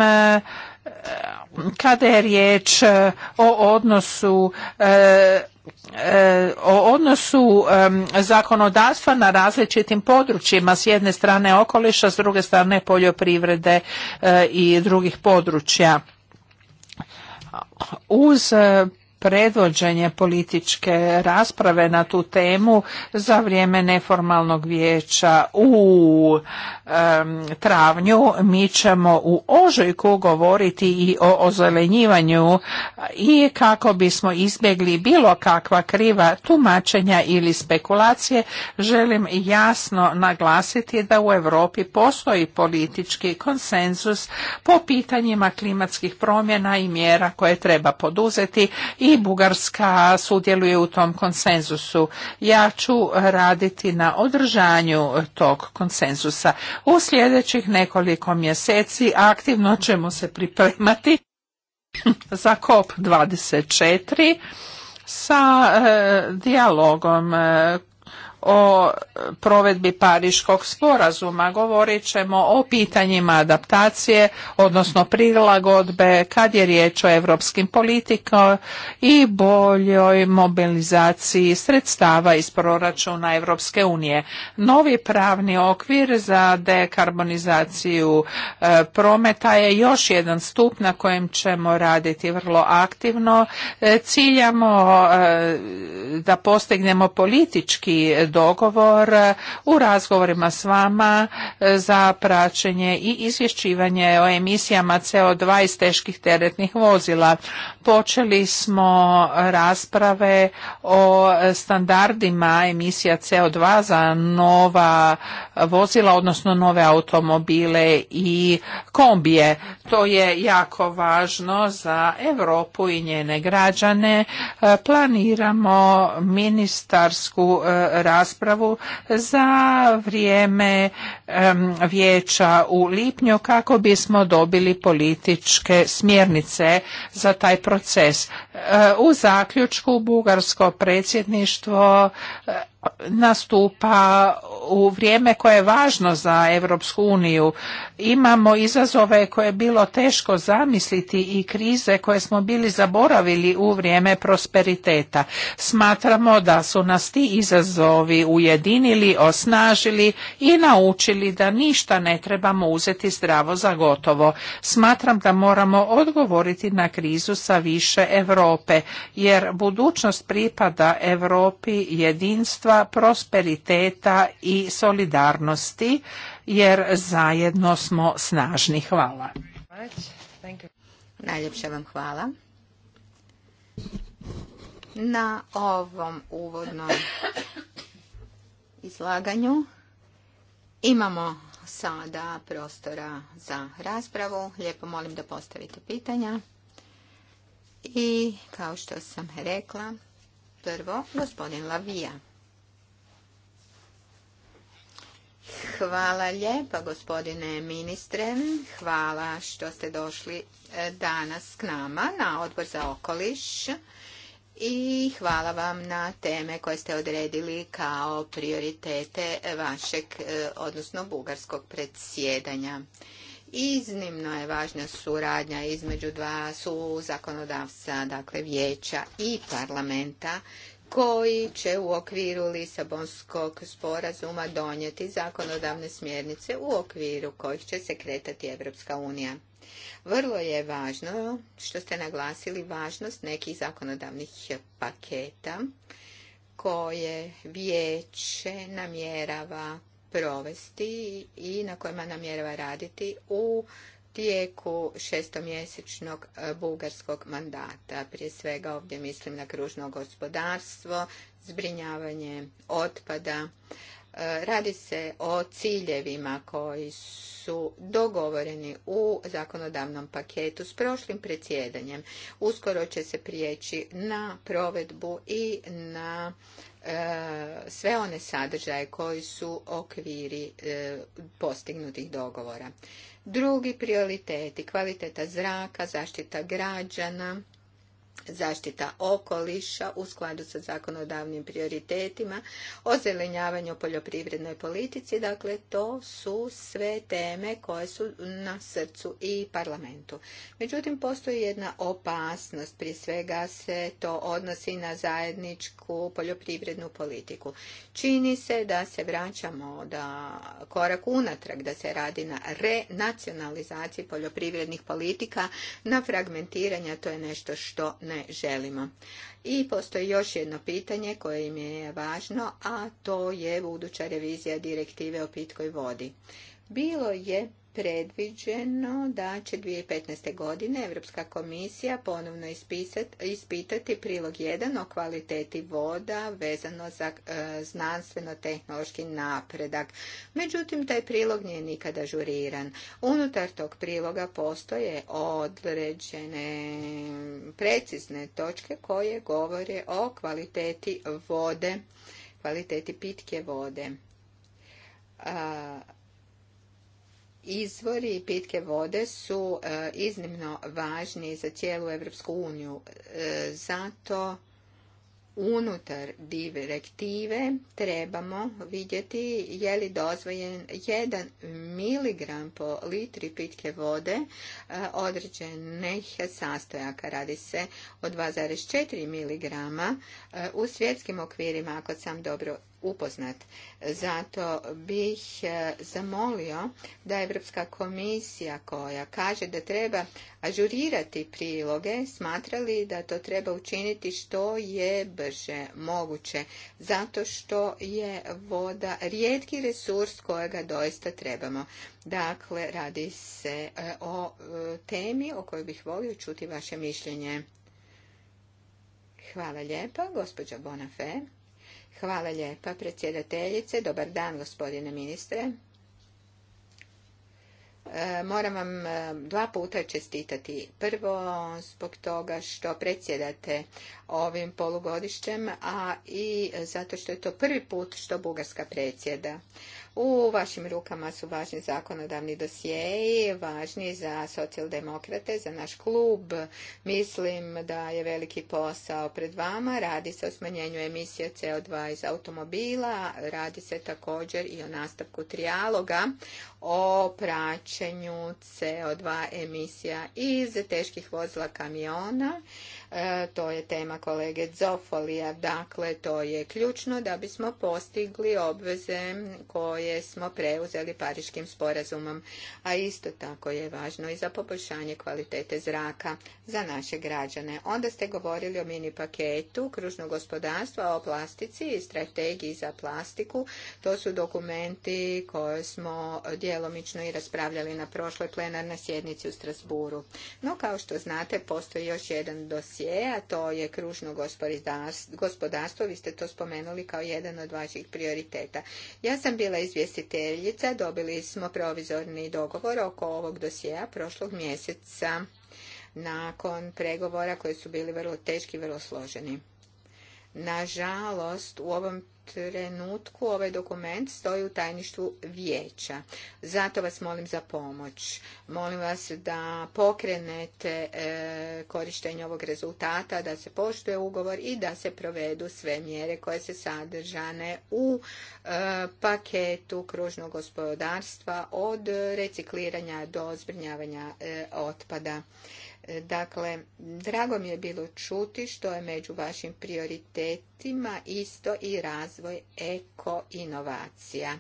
kada je riječ o odnosu E, o odnosu zakonodavstva na različitim područjima, s jedne strane okoliša, s druge strane poljoprivrede e, i drugih područja. Uz e, predvođenje političke rasprave na tu temu za vrijeme neformalnog vijeća u travnju. Mi ćemo u ožujku govoriti i o ozelenjivanju i kako bismo izbjegli bilo kakva kriva tumačenja ili spekulacije, želim jasno naglasiti da u Europi postoji politički konsenzus po pitanjima klimatskih promjena i mjera koje treba poduzeti i i Bugarska sudjeluje u tom konsenzusu. Ja ću raditi na održanju tog konsenzusa. U sljedećih nekoliko mjeseci aktivno ćemo se pripremati za COP24 sa e, dijalogom o provedbi Pariškog sporazuma. Govorit ćemo o pitanjima adaptacije, odnosno prilagodbe kad je riječ o europskim politikama i boljoj mobilizaciji sredstava iz proračuna Europske unije. Novi pravni okvir za dekarbonizaciju e, prometa je još jedan stup na kojem ćemo raditi vrlo aktivno. E, ciljamo e, da postignemo politički dogovor e, u razgovorima s vama e, za praćenje i izvješćivanje o emisijama CO2 iz teških teretnih vozila. Počeli smo rasprave o standardima emisija CO2 za nova vozila, odnosno nove automobile i kombije. To je jako važno za Europu i njene građane. E, planiramo ministarsku raspravu za vrijeme vijeća u lipnju kako bismo dobili političke smjernice za taj proces. E, u zaključku bugarsko predsjedništvo nastupa u vrijeme koje je važno za Europsku uniju. Imamo izazove koje je bilo teško zamisliti i krize koje smo bili zaboravili u vrijeme prosperiteta. Smatramo da su nas ti izazovi ujedinili, osnažili i naučili da ništa ne trebamo uzeti zdravo za gotovo. Smatram da moramo odgovoriti na krizu sa više Europe jer budućnost pripada Europi jedinstva prosperiteta i solidarnosti jer zajedno smo snažni. Hvala. Najljepše vam hvala na ovom uvodnom izlaganju. Imamo sada prostora za raspravu. Lijepo molim da postavite pitanja. I kao što sam rekla, prvo gospodin Lavija. Hvala lijepa gospodine ministre. Hvala što ste došli e, danas k nama na odbor za okoliš i hvala vam na teme koje ste odredili kao prioritete vašeg, e, odnosno bugarskog predsjedanja. Iznimno je važna suradnja između dva su zakonodavca, dakle vijeća i parlamenta koji će u okviru Lisabonskog sporazuma donijeti zakonodavne smjernice u okviru kojih će se kretati Evropska unija. Vrlo je važno što ste naglasili važnost nekih zakonodavnih paketa koje vijeće namjerava provesti i na kojima namjerava raditi u tijeku šestomjesečnog e, bugarskog mandata. Prije svega ovdje mislim na kružno gospodarstvo, zbrinjavanje otpada. E, radi se o ciljevima koji su dogovoreni u zakonodavnom paketu s prošlim predsjedanjem. Uskoro će se prijeći na provedbu i na e, sve one sadržaje koji su okviri postignutih dogovora. Drugi prioriteti, kvaliteta zraka, zaštita građana, zaštita okoliša u skladu sa zakonodavnim prioritetima, ozelenjavanju poljoprivrednoj politici. Dakle, to su sve teme koje su na srcu i parlamentu. Međutim, postoji jedna opasnost. Prije svega se to odnosi na zajedničku poljoprivrednu politiku. Čini se da se vraćamo da korak unatrag, da se radi na renacionalizaciji poljoprivrednih politika, na fragmentiranja. To je nešto što ne želimo. I postoji još jedno pitanje koje im je važno, a to je buduća revizija direktive o pitkoj vodi. Bilo je predviđeno da će 2015. godine Europska komisija ponovno ispitati prilog 1 o kvaliteti voda vezano za e, znanstveno-tehnološki napredak. Međutim, taj prilog nije nikada žuriran. Unutar tog priloga postoje određene precizne točke koje govore o kvaliteti vode, kvaliteti pitke vode. Izvori pitke vode su e, iznimno važni za cijelu Europsku uniju. E, zato unutar direktive trebamo vidjeti je li dozvoljen 1 mg po litri pitke vode e, određenih sastojaka. Radi se o 2,4 mg u svjetskim okvirima, ako sam dobro upoznat. Zato bih e, zamolio da Europska komisija koja kaže da treba ažurirati priloge, smatrali da to treba učiniti što je brže moguće, zato što je voda rijetki resurs kojega doista trebamo. Dakle, radi se e, o e, temi o kojoj bih volio čuti vaše mišljenje. Hvala lijepa, gospođa Bonafé. Hvala lijepa predsjedateljice. Dobar dan gospodine ministre. E, moram vam e, dva puta čestitati. Prvo zbog toga što predsjedate ovim polugodišćem, a i zato što je to prvi put što Bugarska predsjeda. U vašim rukama su važni zakonodavni dosjeji, važni za socijaldemokrate, za naš klub. Mislim da je veliki posao pred vama. Radi se o smanjenju emisije CO2 iz automobila. Radi se također i o nastavku trijaloga o praćenju CO2 emisija iz teških vozila kamiona. E, to je tema kolege Zofolija. Dakle, to je ključno da bismo postigli obveze koje smo preuzeli Pariškim sporazumom, a isto tako je važno i za poboljšanje kvalitete zraka za naše građane. Onda ste govorili o mini paketu kružnog gospodarstva, o plastici i strategiji za plastiku. To su dokumenti koje smo djelomično i raspravljali na prošloj plenarnoj sjednici u Strasburu. No, kao što znate, postoji još jedan dosje je a to je kružno gospodarstvo. Vi ste to spomenuli kao jedan od vaših prioriteta. Ja sam bila izvjestiteljica, dobili smo provizorni dogovor oko ovog dosjea prošlog mjeseca nakon pregovora koji su bili vrlo teški, vrlo složeni. Nažalost, u ovom trenutku ovaj dokument stoji u tajništvu vijeća. Zato vas molim za pomoć. Molim vas da pokrenete e, korištenje ovog rezultata, da se poštuje ugovor i da se provedu sve mjere koje se sadržane u e, paketu kružnog gospodarstva od recikliranja do zbrinjavanja e, otpada. Dakle, drago mi je bilo čuti što je među vašim prioritetima isto i razvoj eko-inovacija.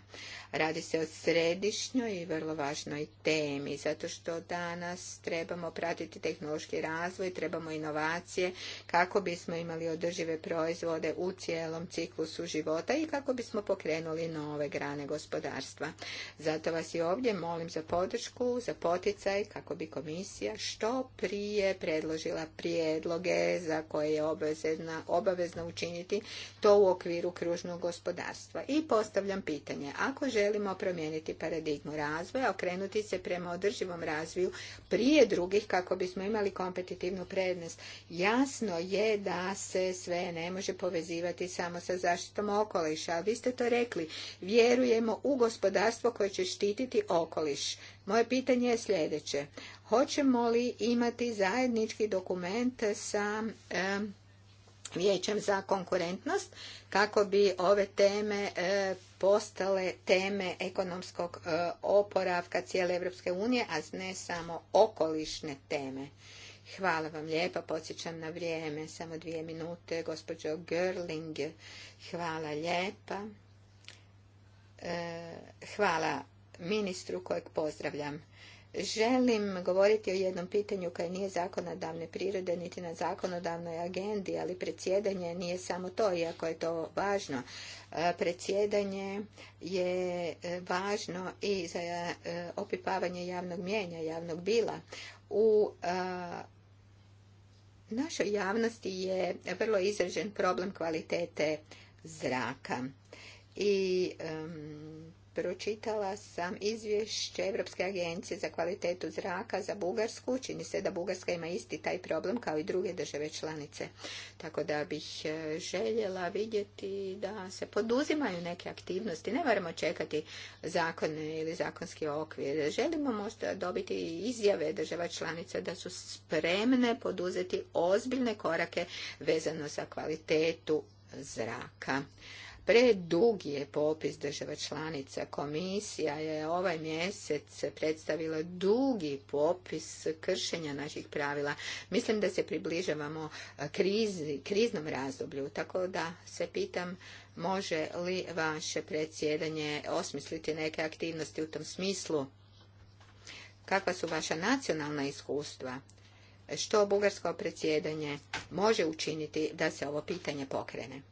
Radi se o središnjoj i vrlo važnoj temi, zato što danas trebamo pratiti tehnološki razvoj, trebamo inovacije kako bismo imali održive proizvode u cijelom ciklusu života i kako bismo pokrenuli nove grane gospodarstva. Zato vas i ovdje molim za podršku, za poticaj kako bi komisija što prije je predložila prijedloge za koje je obavezna, obavezna učiniti to u okviru kružnog gospodarstva. I postavljam pitanje, ako želimo promijeniti paradigmu razvoja, okrenuti se prema održivom razviju prije drugih kako bismo imali kompetitivnu prednost, jasno je da se sve ne može povezivati samo sa zaštitom okoliša. Vi ste to rekli, vjerujemo u gospodarstvo koje će štititi okoliš. Moje pitanje je sljedeće. Hoćemo li imati zajednički dokument sa e, Vijećem za konkurentnost kako bi ove teme e, postale teme ekonomskog e, oporavka cijele Europske unije, a ne samo okolišne teme? Hvala vam lijepa, podsjećam na vrijeme, samo dvije minute, gospođo Görling, hvala lijepa. E, hvala ministru kojeg pozdravljam. Želim govoriti o jednom pitanju koje nije zakonodavne prirode niti na zakonodavnoj agendi, ali predsjedanje nije samo to, iako je to važno. E, predsjedanje je e, važno i za e, opipavanje javnog mijenja, javnog bila. U našoj javnosti je vrlo izražen problem kvalitete zraka. I pročitala sam izvješće Europske agencije za kvalitetu zraka za Bugarsku. Čini se da Bugarska ima isti taj problem kao i druge države članice. Tako da bih e, željela vidjeti da se poduzimaju neke aktivnosti. Ne moramo čekati zakone ili zakonski okvir. Želimo možda dobiti izjave država članica da su spremne poduzeti ozbiljne korake vezano za kvalitetu zraka predugi je popis država članica. Komisija je ovaj mjesec predstavila dugi popis kršenja naših pravila. Mislim da se približavamo kriznom razdoblju, tako da se pitam može li vaše predsjedanje osmisliti neke aktivnosti u tom smislu? Kakva su vaša nacionalna iskustva? Što bugarsko predsjedanje može učiniti da se ovo pitanje pokrene?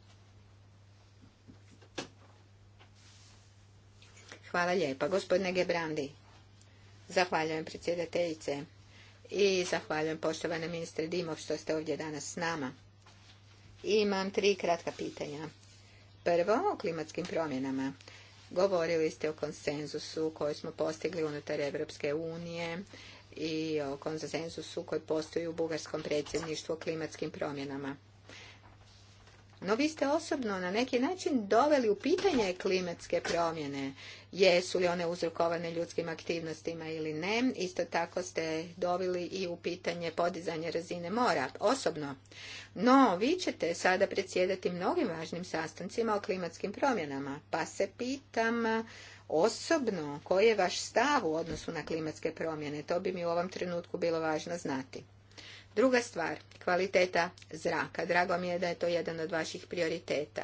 Hvala lijepa. Gospodine Gebrandi, zahvaljujem predsjedateljice i zahvaljujem poštovana ministre Dimov što ste ovdje danas s nama. Imam tri kratka pitanja. Prvo, o klimatskim promjenama. Govorili ste o konsenzusu koji smo postigli unutar Evropske unije i o konsenzusu koji postoji u bugarskom predsjedništvu o klimatskim promjenama. No vi ste osobno na neki način doveli u pitanje klimatske promjene. Jesu li one uzrokovane ljudskim aktivnostima ili ne? Isto tako ste doveli i u pitanje podizanje razine mora, osobno. No, vi ćete sada predsjedati mnogim važnim sastancima o klimatskim promjenama, pa se pitam osobno koji je vaš stav u odnosu na klimatske promjene. To bi mi u ovom trenutku bilo važno znati. Druga stvar, kvaliteta zraka. Drago mi je da je to jedan od vaših prioriteta.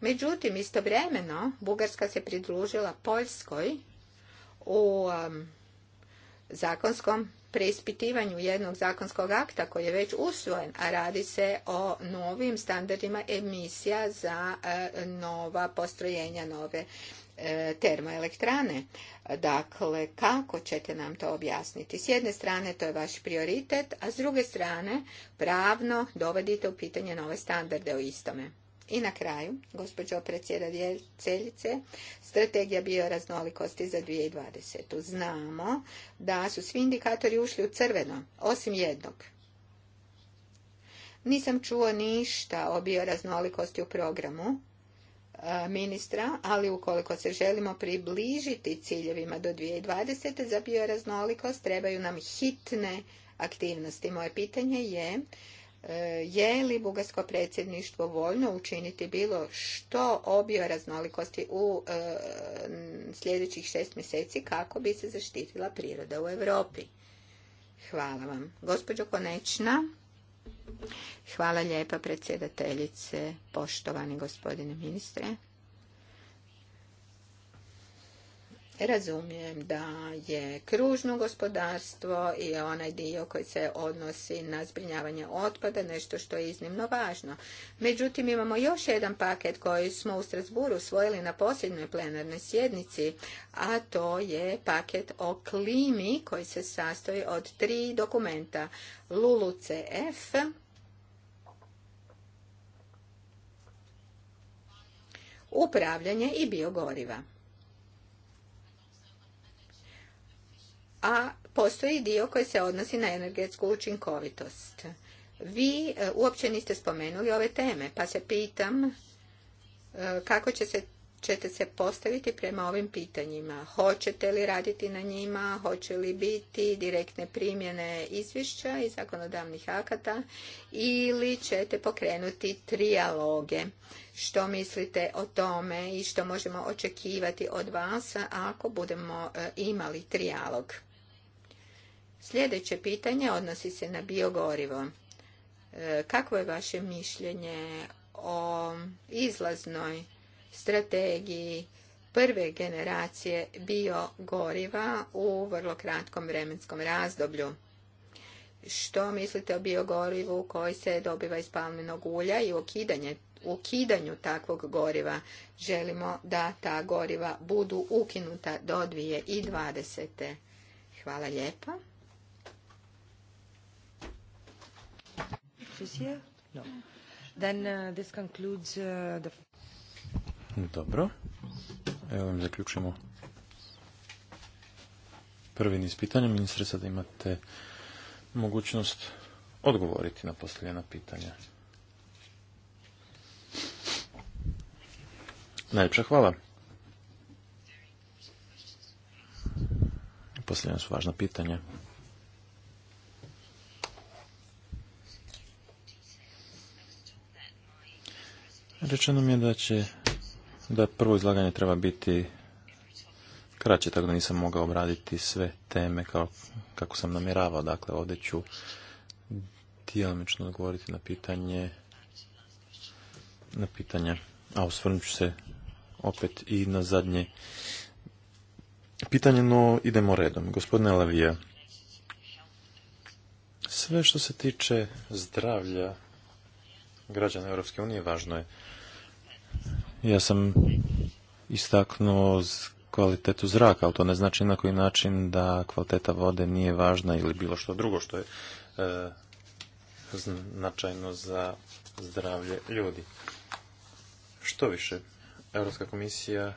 Međutim, istovremeno, Bugarska se pridružila Poljskoj u um, zakonskom preispitivanju jednog zakonskog akta koji je već usvojen, a radi se o novim standardima emisija za e, nova postrojenja, nove E, termoelektrane. Dakle, kako ćete nam to objasniti? S jedne strane to je vaš prioritet, a s druge strane pravno dovodite u pitanje nove standarde o istome. I na kraju, gospođo predsjedateljice, strategija bioraznolikosti za 2020. Znamo da su svi indikatori ušli u crveno, osim jednog. Nisam čuo ništa o bioraznolikosti u programu, E, ministra, ali ukoliko se želimo približiti ciljevima do 2020. za bioraznolikost, trebaju nam hitne aktivnosti. Moje pitanje je e, je li bugarsko predsjedništvo voljno učiniti bilo što o bioraznolikosti u e, sljedećih šest mjeseci kako bi se zaštitila priroda u Europi? Hvala vam. Gospođo Konečna, Hvala lijepa predsjedateljice, poštovani gospodine ministre. Razumijem da je kružno gospodarstvo i onaj dio koji se odnosi na zbrinjavanje otpada nešto što je iznimno važno. Međutim, imamo još jedan paket koji smo u Strasburu usvojili na posljednjoj plenarnoj sjednici, a to je paket o klimi koji se sastoji od tri dokumenta. LULUCF, upravljanje i biogoriva. a postoji dio koji se odnosi na energetsku učinkovitost. Vi e, uopće niste spomenuli ove teme, pa se pitam e, kako će ćete se postaviti prema ovim pitanjima. Hoćete li raditi na njima, hoće li biti direktne primjene izvješća i zakonodavnih akata ili ćete pokrenuti trijaloge. Što mislite o tome i što možemo očekivati od vas ako budemo e, imali trijalog? Sljedeće pitanje odnosi se na biogorivo. E, kako je vaše mišljenje o izlaznoj strategiji prve generacije biogoriva u vrlo kratkom vremenskom razdoblju? Što mislite o biogorivu koji se dobiva iz palminog ulja i ukidanje, ukidanju takvog goriva? Želimo da ta goriva budu ukinuta do 2020. Hvala lijepa. Uh, uh, Dobro. Evo vam zaključimo prvi niz pitanja. Ministre, sada imate mogućnost odgovoriti na postavljena pitanja. Najljepša hvala. Posljedna su važna pitanja. Rečeno mi je da će da prvo izlaganje treba biti kraće, tako da nisam mogao obraditi sve teme kao, kako sam namjeravao. Dakle, ovdje ću djelomično odgovoriti na pitanje na pitanje, a osvrnut ću se opet i na zadnje pitanje, no idemo redom. Gospodine Lavija, sve što se tiče zdravlja građana Europske unije važno je. Ja sam istaknuo kvalitetu zraka, ali to ne znači na koji način da kvaliteta vode nije važna ili bilo što drugo što je e, značajno za zdravlje ljudi. Što više, Europska komisija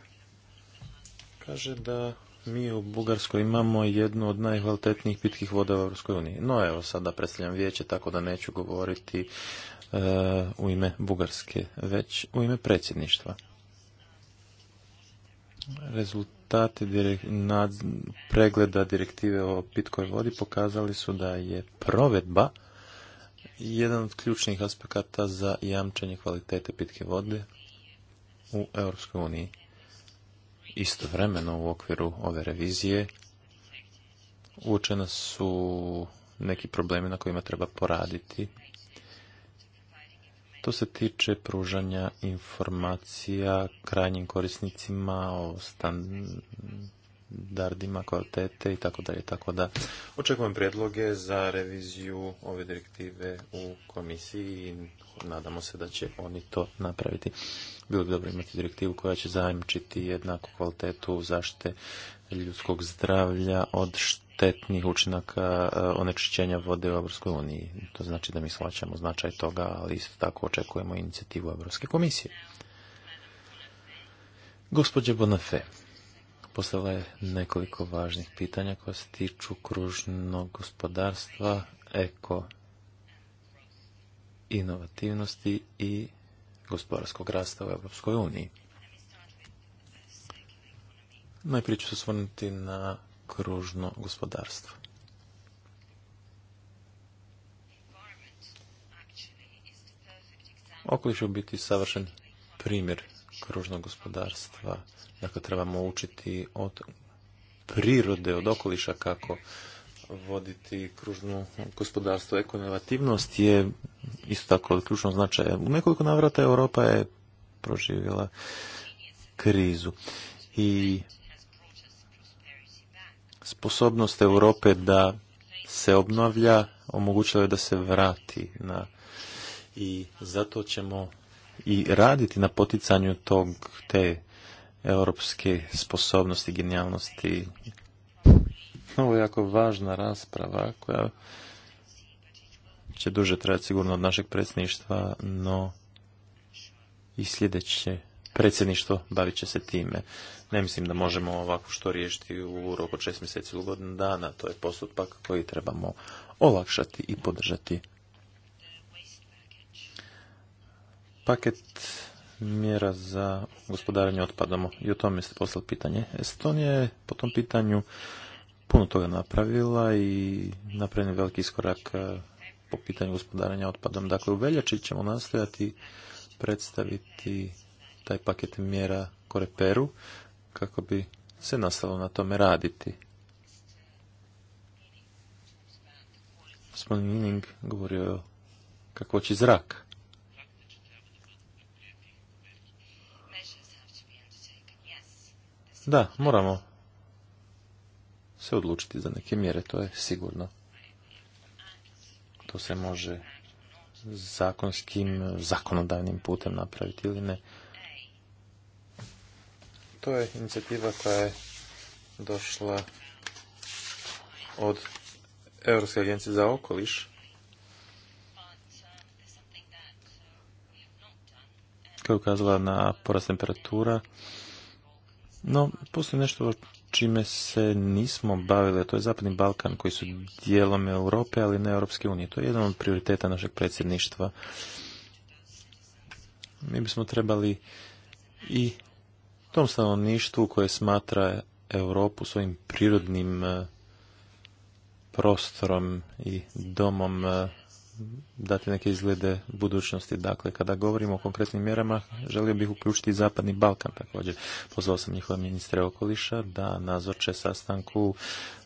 kaže da mi u Bugarskoj imamo jednu od najkvalitetnijih pitkih voda u Europskoj uniji. No evo sada predstavljam vijeće tako da neću govoriti u ime Bugarske, već u ime predsjedništva. Rezultati nad, pregleda direktive o pitkoj vodi pokazali su da je provedba jedan od ključnih aspekata za jamčenje kvalitete pitke vode u EU. uniji. Istovremeno u okviru ove revizije uočena su neki problemi na kojima treba poraditi što se tiče pružanja informacija krajnjim korisnicima o standardima kvalitete i tako dalje. Tako da očekujem predloge za reviziju ove direktive u komisiji i nadamo se da će oni to napraviti. Bilo bi dobro imati direktivu koja će zajemčiti jednaku kvalitetu zaštite ljudskog zdravlja od štetnih učinaka e, onečišćenja vode u Europskoj uniji. To znači da mi shvaćamo značaj toga, ali isto tako očekujemo inicijativu Europske komisije. Gospodje Bonafé, postavila je nekoliko važnih pitanja koja se tiču kružnog gospodarstva, eko inovativnosti i gospodarskog rasta u EU. uniji. Najprije ću se osvrnuti na kružno gospodarstvo. Okoliš je biti savršen primjer kružnog gospodarstva. Dakle, trebamo učiti od prirode, od okoliša kako voditi kružno gospodarstvo. Ekonovativnost je isto tako od ključnog značaja. U nekoliko navrata Europa je proživjela krizu. I sposobnost Europe da se obnavlja omogućila je da se vrati na i zato ćemo i raditi na poticanju tog te europske sposobnosti, genijalnosti. Ovo je jako važna rasprava koja će duže trajati sigurno od našeg predsjedništva, no i sljedeće predsjedništvo bavit će se time. Ne mislim da možemo ovako što riješiti u roku od šest mjeseci ili godinu dana. To je postupak koji trebamo olakšati i podržati. Paket mjera za gospodarenje otpadom. I o tome ste poslali pitanje. Estonija je po tom pitanju puno toga napravila i napravljen veliki iskorak eh, po pitanju gospodarenja otpadom. Dakle, u veljači ćemo nastojati predstaviti taj paket mjera koreperu kako bi se nastalo na tome raditi. Gospodin Mining govorio o će zrak Da, moramo se odlučiti za neke mjere, to je sigurno. To se može zakonskim, zakonodavnim putem napraviti ili ne. To je inicijativa koja je došla od Europske agencije za okoliš. Kao je ukazala na porast temperatura. No, postoji nešto čime se nismo bavili, a to je Zapadni Balkan koji su dijelom Europe, ali ne Europske unije. To je jedan od prioriteta našeg predsjedništva. Mi bismo trebali i tom stanovništvu koje smatra Europu svojim prirodnim e, prostorom i domom e, dati neke izglede budućnosti. Dakle, kada govorimo o konkretnim mjerama, želio bih uključiti i Zapadni Balkan također. Pozvao sam njihove ministre okoliša da nazvače sastanku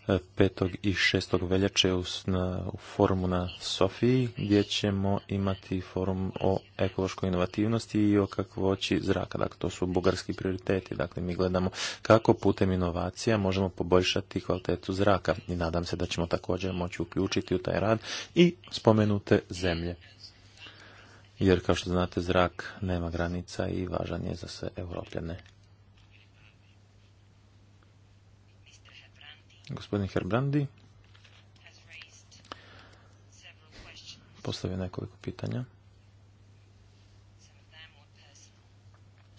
5. i 6. veljače u, na, u forumu na Sofiji gdje ćemo imati forum o ekološkoj inovativnosti i o kakvoći zraka. Dakle, to su bugarski prioriteti. Dakle, mi gledamo kako putem inovacija možemo poboljšati kvalitetu zraka i nadam se da ćemo također moći uključiti u taj rad i spomenute zemlje. Jer, kao što znate, zrak nema granica i važan je za sve europljene. Gospodin Herbrandi postavio nekoliko pitanja.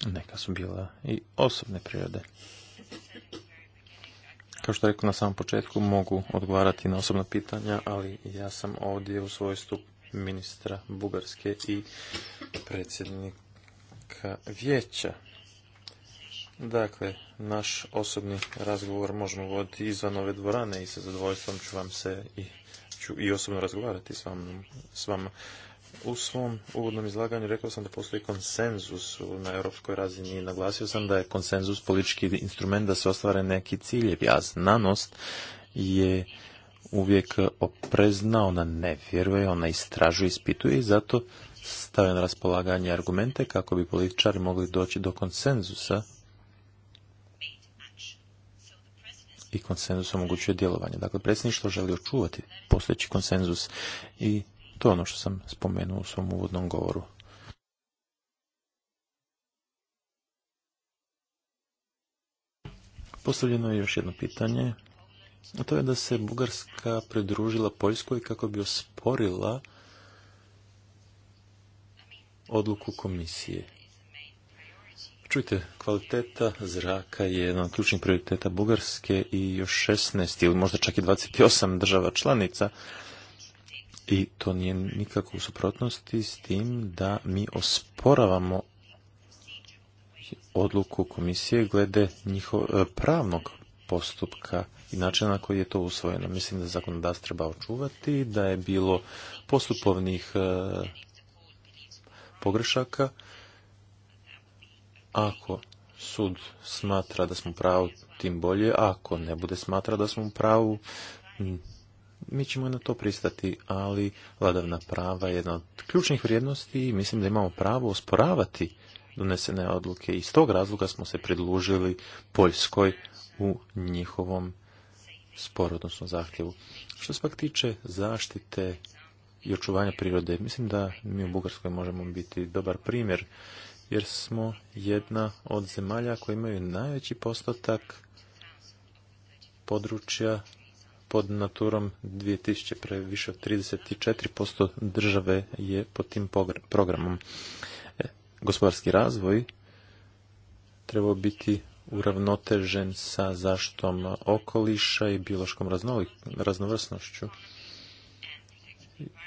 Neka su bila i osobne prirode. Kao što rekao na samom početku, mogu odgovarati na osobna pitanja, ali ja sam ovdje u svojstvu ministra Bugarske i predsjednika vijeća Dakle, naš osobni razgovor možemo voditi izvan ove dvorane i sa zadovoljstvom ću vam se i, ću i osobno razgovarati s, s vama. U svom uvodnom izlaganju rekao sam da postoji konsenzus na europskoj razini i naglasio sam da je konsenzus politički instrument da se ostvare neki ciljevi, a znanost je uvijek oprezna, ona ne vjeruje, ona istražuje, ispituje i zato stavlja na raspolaganje argumente kako bi političari mogli doći do konsenzusa i konsenzus omogućuje djelovanje. Dakle, predsjedništvo želi očuvati postojeći konsenzus i to je ono što sam spomenuo u svom uvodnom govoru. Postavljeno je još jedno pitanje, a to je da se Bugarska pridružila Poljskoj kako bi osporila odluku komisije. Čujte, kvaliteta zraka je jedan od ključnih prioriteta Bugarske i još 16 ili možda čak i 28 država članica i to nije nikako u suprotnosti s tim da mi osporavamo odluku komisije glede njihov, e, pravnog postupka i načina na koji je to usvojeno. Mislim da zakonodavstvo treba očuvati, da je bilo postupovnih e, pogrešaka ako sud smatra da smo pravu, tim bolje. Ako ne bude smatra da smo u pravu, mi ćemo na to pristati, ali vladavna prava je jedna od ključnih vrijednosti i mislim da imamo pravo osporavati donesene odluke. I Iz tog razloga smo se pridružili Poljskoj u njihovom sporu, odnosno zahtjevu. Što se pak tiče zaštite i očuvanja prirode, mislim da mi u Bugarskoj možemo biti dobar primjer jer smo jedna od zemalja koje imaju najveći postotak područja pod naturom 2000, pre više od 34% države je pod tim programom. E, gospodarski razvoj treba biti uravnotežen sa zaštom okoliša i biološkom raznovrsnošću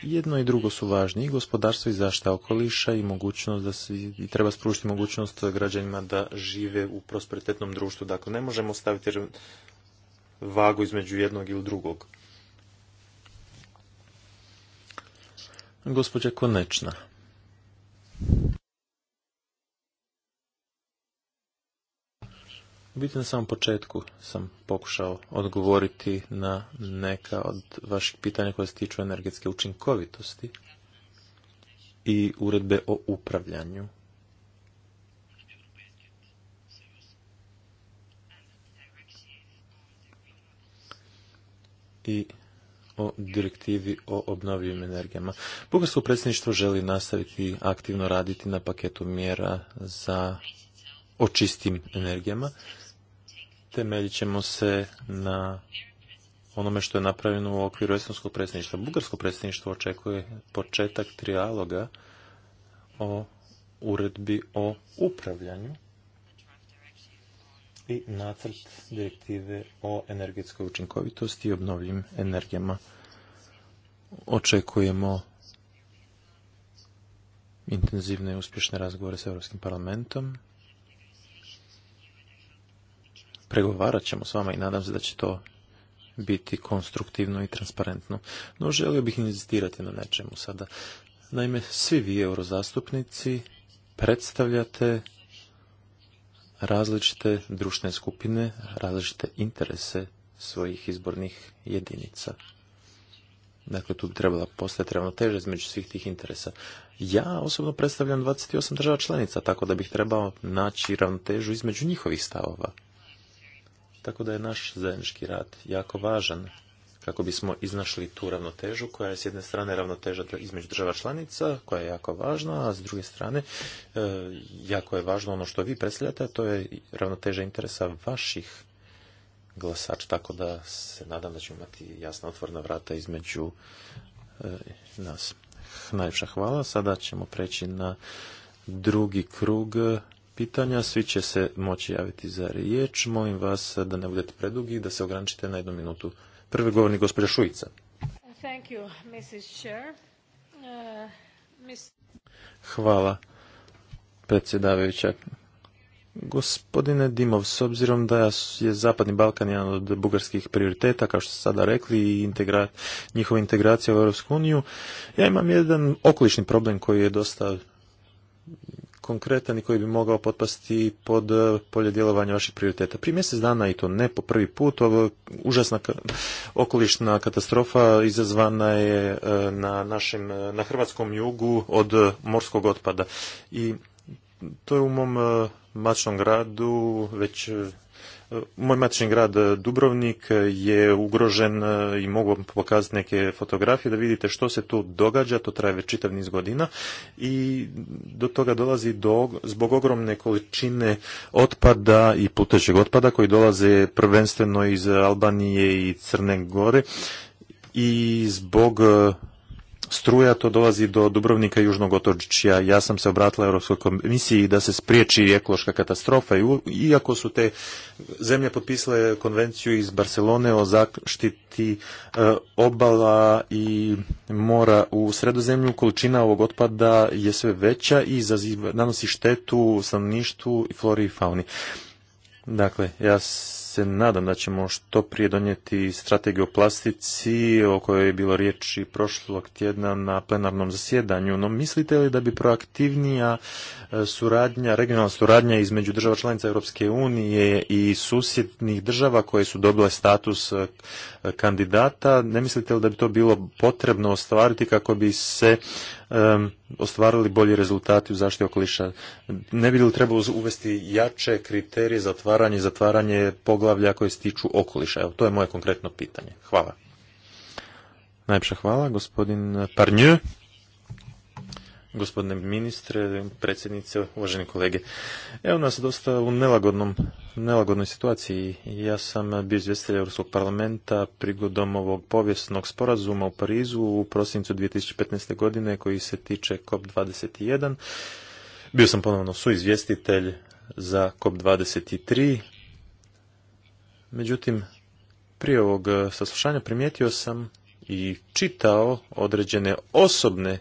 jedno i drugo su važni i gospodarstvo i zaštita okoliša i mogućnost da se i treba spružiti mogućnost građanima da žive u prosperitetnom društvu. Dakle, ne možemo staviti vagu između jednog ili drugog. Gospođa Konečna. U biti na samom početku sam pokušao odgovoriti na neka od vaših pitanja koja se tiču energetske učinkovitosti i uredbe o upravljanju. I o direktivi o obnovljivim energijama. Bugarsko predsjedništvo želi nastaviti aktivno raditi na paketu mjera za o čistim energijama. Temeljit ćemo se na onome što je napravljeno u okviru estonskog predsjedništva. Bugarsko predsjedništvo očekuje početak trijaloga o uredbi o upravljanju i nacrt direktive o energetskoj učinkovitosti i obnovljim energijama. Očekujemo intenzivne i uspješne razgovore s Europskim parlamentom pregovarat ćemo s vama i nadam se da će to biti konstruktivno i transparentno. No želio bih inzistirati na nečemu sada. Naime, svi vi eurozastupnici predstavljate različite društvene skupine, različite interese svojih izbornih jedinica. Dakle, tu bi trebala postati ravnoteža između svih tih interesa. Ja osobno predstavljam 28 država članica, tako da bih trebao naći ravnotežu između njihovih stavova. Tako da je naš zajednički rad jako važan kako bismo iznašli tu ravnotežu koja je s jedne strane ravnoteža između država članica koja je jako važna, a s druge strane e, jako je važno ono što vi predstavljate, to je ravnoteža interesa vaših glasača, tako da se nadam da ćemo imati jasna otvorna vrata između e, nas. Najljepša hvala. Sada ćemo preći na drugi krug pitanja, svi će se moći javiti za riječ. Molim vas da ne budete predugi, da se ograničite na jednu minutu. Prvi govornik gospođa Šujica. Uh, Hvala, predsjedavajuća. Gospodine Dimov, s obzirom da je Zapadni Balkan jedan od bugarskih prioriteta, kao što ste sada rekli, i njihova integracija u EU, ja imam jedan okolišni problem koji je dosta konkretan i koji bi mogao potpasti pod polje djelovanja vaših prioriteta. Prije mjesec dana i to ne po prvi put, ovo užasna okolišna katastrofa izazvana je e, na, našem, e, na hrvatskom jugu od morskog otpada. I to je u mom e, mačnom gradu već moj matični grad e, Dubrovnik e, je ugrožen e, i mogu vam pokazati neke fotografije da vidite što se tu događa, to traje već čitav niz godina i do toga dolazi zbog ogromne količine otpada i plutajućeg otpada koji dolaze prvenstveno iz Albanije i Crne Gore i zbog struja, to dolazi do Dubrovnika i Južnog otočića Ja sam se obratila Europskoj komisiji da se spriječi ekološka katastrofa, iako su te zemlje potpisale konvenciju iz Barcelone o zaštiti e, obala i mora u sredozemlju, količina ovog otpada je sve veća i nanosi štetu stanovništvu i flori i fauni. Dakle, ja se nadam da ćemo što prije donijeti strategiju o plastici o kojoj je bilo riječi prošlog tjedna na plenarnom zasjedanju. No mislite li da bi proaktivnija e, suradnja, regionalna suradnja između država članica Europske unije i susjednih država koje su dobile status e, kandidata, ne mislite li da bi to bilo potrebno ostvariti kako bi se ostvarili bolji rezultati u zaštiti okoliša. Ne bi li trebalo uvesti jače kriterije za otvaranje i zatvaranje poglavlja koje se tiču okoliša? Evo, to je moje konkretno pitanje. Hvala. Najpša hvala, gospodin Parnjö gospodine ministre, predsjednice, uvaženi kolege. Evo nas dosta u nelagodnoj situaciji. Ja sam bio izvjestitelj Europskog parlamenta prigodom ovog povijesnog sporazuma u Parizu u prosincu 2015. godine koji se tiče COP21. Bio sam ponovno suizvjestitelj za COP23. Međutim, prije ovog saslušanja primijetio sam i čitao određene osobne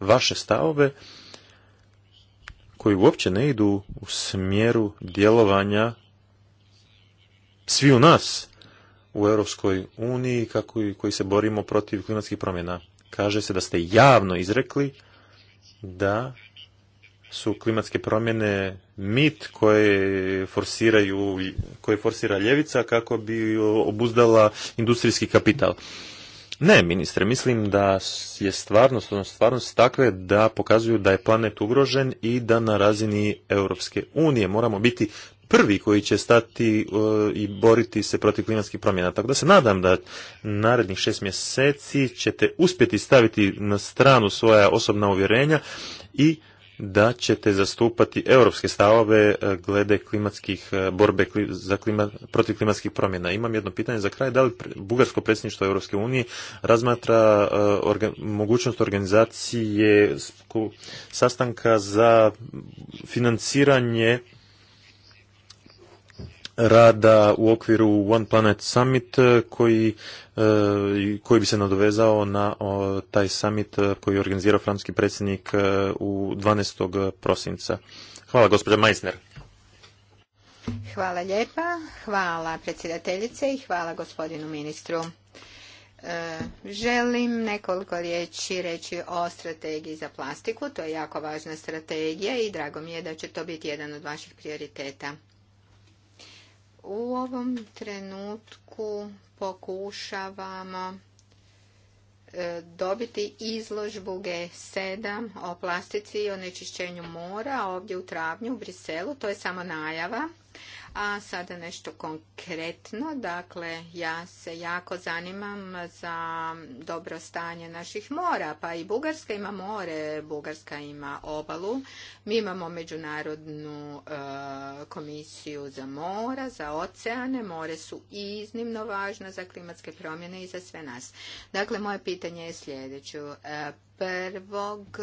vaše stavove koji uopće ne idu u smjeru djelovanja svi u nas u Europskoj uniji kako i koji se borimo protiv klimatskih promjena. Kaže se da ste javno izrekli da su klimatske promjene mit koje forsiraju, koje forsira ljevica kako bi obuzdala industrijski kapital. Ne, ministre, mislim da je stvarnost, odnosno stvarnost takve da pokazuju da je planet ugrožen i da na razini Europske unije moramo biti prvi koji će stati e, i boriti se protiv klimatskih promjena. Tako da se nadam da narednih šest mjeseci ćete uspjeti staviti na stranu svoja osobna uvjerenja i da ćete zastupati europske stavove e, glede klimatskih e, borbe za klima, protiv klimatskih promjena. Imam jedno pitanje za kraj, da li Bugarsko predsjedništvo Europske unije razmatra e, mogućnost organizacije sastanka za financiranje rada u okviru One Planet Summit e, koji, e, koji bi se nadovezao na taj summit e, koji je organizirao francuski predsjednik u 12. prosinca. Hvala gospođa Meissner. Hvala lijepa, hvala predsjedateljice i hvala gospodinu ministru. Želim nekoliko riječi reći o strategiji za plastiku. To je jako važna strategija i drago mi je da će to biti jedan od vaših prioriteta. U ovom trenutku pokušavamo e, dobiti izložbu G7 o plastici i onečišćenju mora ovdje u travnju u Briselu. To je samo najava. A sada nešto konkretno, dakle ja se jako zanimam za dobro stanje naših mora, pa i Bugarska ima more, Bugarska ima obalu, mi imamo Međunarodnu e, komisiju za mora, za oceane, more su iznimno važna za klimatske promjene i za sve nas. Dakle, moje pitanje je sljedeće. E, prvog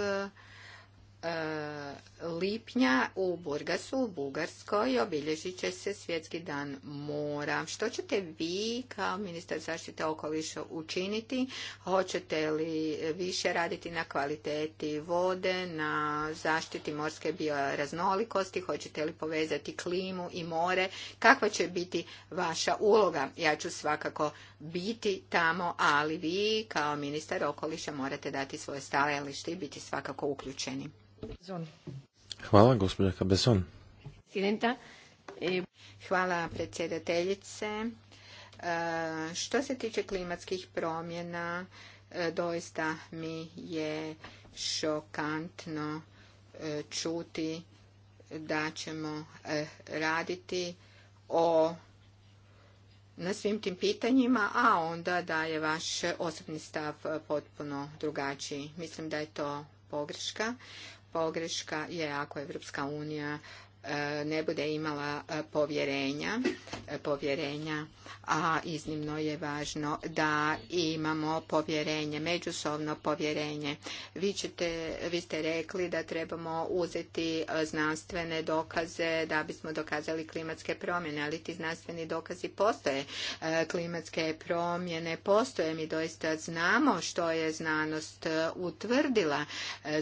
E, lipnja u Burgasu, u Bugarskoj, obilježit će se Svjetski dan mora. Što ćete vi kao ministar zaštite okoliša učiniti? Hoćete li više raditi na kvaliteti vode, na zaštiti morske bioraznolikosti? Hoćete li povezati klimu i more? Kakva će biti vaša uloga? Ja ću svakako biti tamo, ali vi kao ministar okoliša morate dati svoje stajalište i biti svakako uključeni. Hvala, e, Hvala, predsjedateljice. E, što se tiče klimatskih promjena, e, doista mi je šokantno čuti da ćemo raditi o na svim tim pitanjima, a onda da je vaš osobni stav potpuno drugačiji. Mislim da je to pogreška. Pogreška je ako Evropska unija E, ne bude imala e, povjerenja, e, povjerenja, a iznimno je važno da imamo povjerenje, međusobno povjerenje. Vi, ćete, vi ste rekli da trebamo uzeti znanstvene dokaze da bismo dokazali klimatske promjene, ali ti znanstveni dokazi postoje. Klimatske promjene postoje, mi doista znamo što je znanost utvrdila,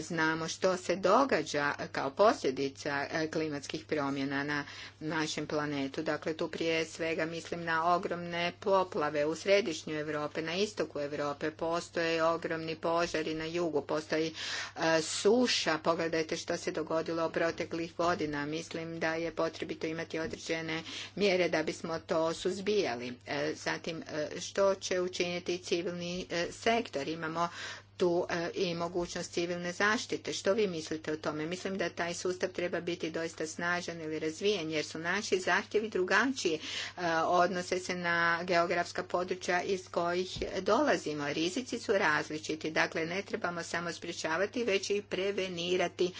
znamo što se događa kao posljedica klimatske promjena na našem planetu. Dakle, tu prije svega mislim na ogromne poplave u središnju Europe, na istoku Europe. Postoje ogromni požari na jugu, postoji e, suša. Pogledajte što se dogodilo proteklih godina. Mislim da je potrebito imati određene mjere da bismo to suzbijali. E, zatim, e, što će učiniti civilni sektor? Imamo tu e, i mogućnost civilne zaštite. Što vi mislite o tome? Mislim da taj sustav treba biti doista snažan ili razvijen, jer su naši zahtjevi drugačiji. E, odnose se na geografska područja iz kojih dolazimo. Rizici su različiti. Dakle, ne trebamo samo sprječavati, već i prevenirati.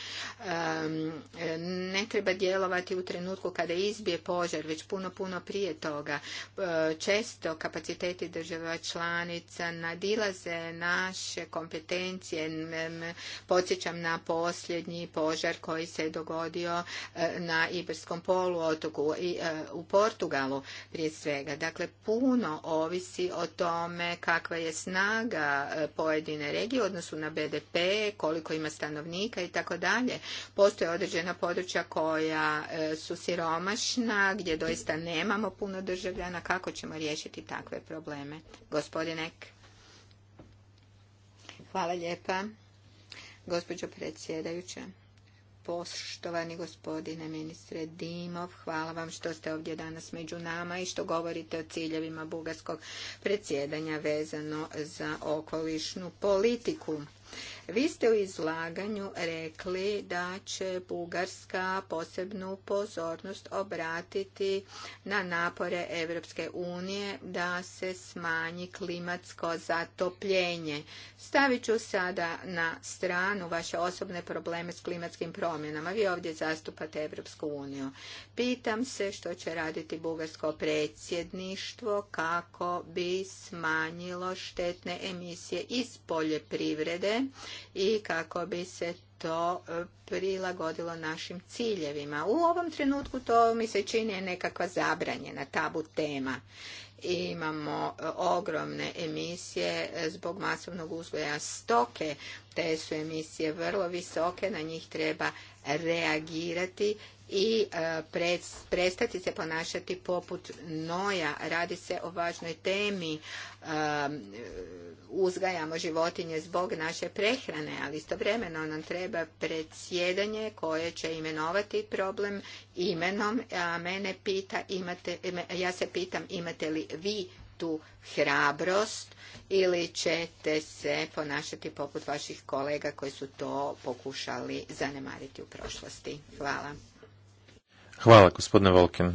Ne treba djelovati u trenutku kada izbije požar, već puno, puno prije toga. E, često kapaciteti država članica nadilaze naše kompetencije. Podsjećam na posljednji požar koji se dogodio e, na Iberskom poluotoku i e, u Portugalu prije svega. Dakle, puno ovisi o tome kakva je snaga e, pojedine regije u odnosu na BDP, koliko ima stanovnika i tako dalje. Postoje određena područja koja su siromašna, gdje doista nemamo puno državljana. Kako ćemo riješiti takve probleme? gospodine Ek. Hvala lijepa, gospođo predsjedajuća. Poštovani gospodine ministre Dimov, hvala vam što ste ovdje danas među nama i što govorite o ciljevima bugarskog predsjedanja vezano za okolišnu politiku. Vi ste u izlaganju rekli da će Bugarska posebnu pozornost obratiti na napore Europske unije da se smanji klimatsko zatopljenje. Stavit ću sada na stranu vaše osobne probleme s klimatskim promjenama. Vi ovdje zastupate Europsku uniju. Pitam se što će raditi bugarsko predsjedništvo kako bi smanjilo štetne emisije iz poljoprivrede i kako bi se to e, prilagodilo našim ciljevima. U ovom trenutku to mi se čini nekakva zabranjena tabu tema. Imamo e, ogromne emisije e, zbog masovnog uzgoja stoke. Te su emisije vrlo visoke, na njih treba reagirati i e, prestati se ponašati poput noja. Radi se o važnoj temi. E, uzgajamo životinje zbog naše prehrane, ali istovremeno nam treba predsjedanje koje će imenovati problem imenom. A mene pita, imate, ja se pitam imate li vi tu hrabrost ili ćete se ponašati poput vaših kolega koji su to pokušali zanemariti u prošlosti. Hvala. Hvala, gospodine Volkin.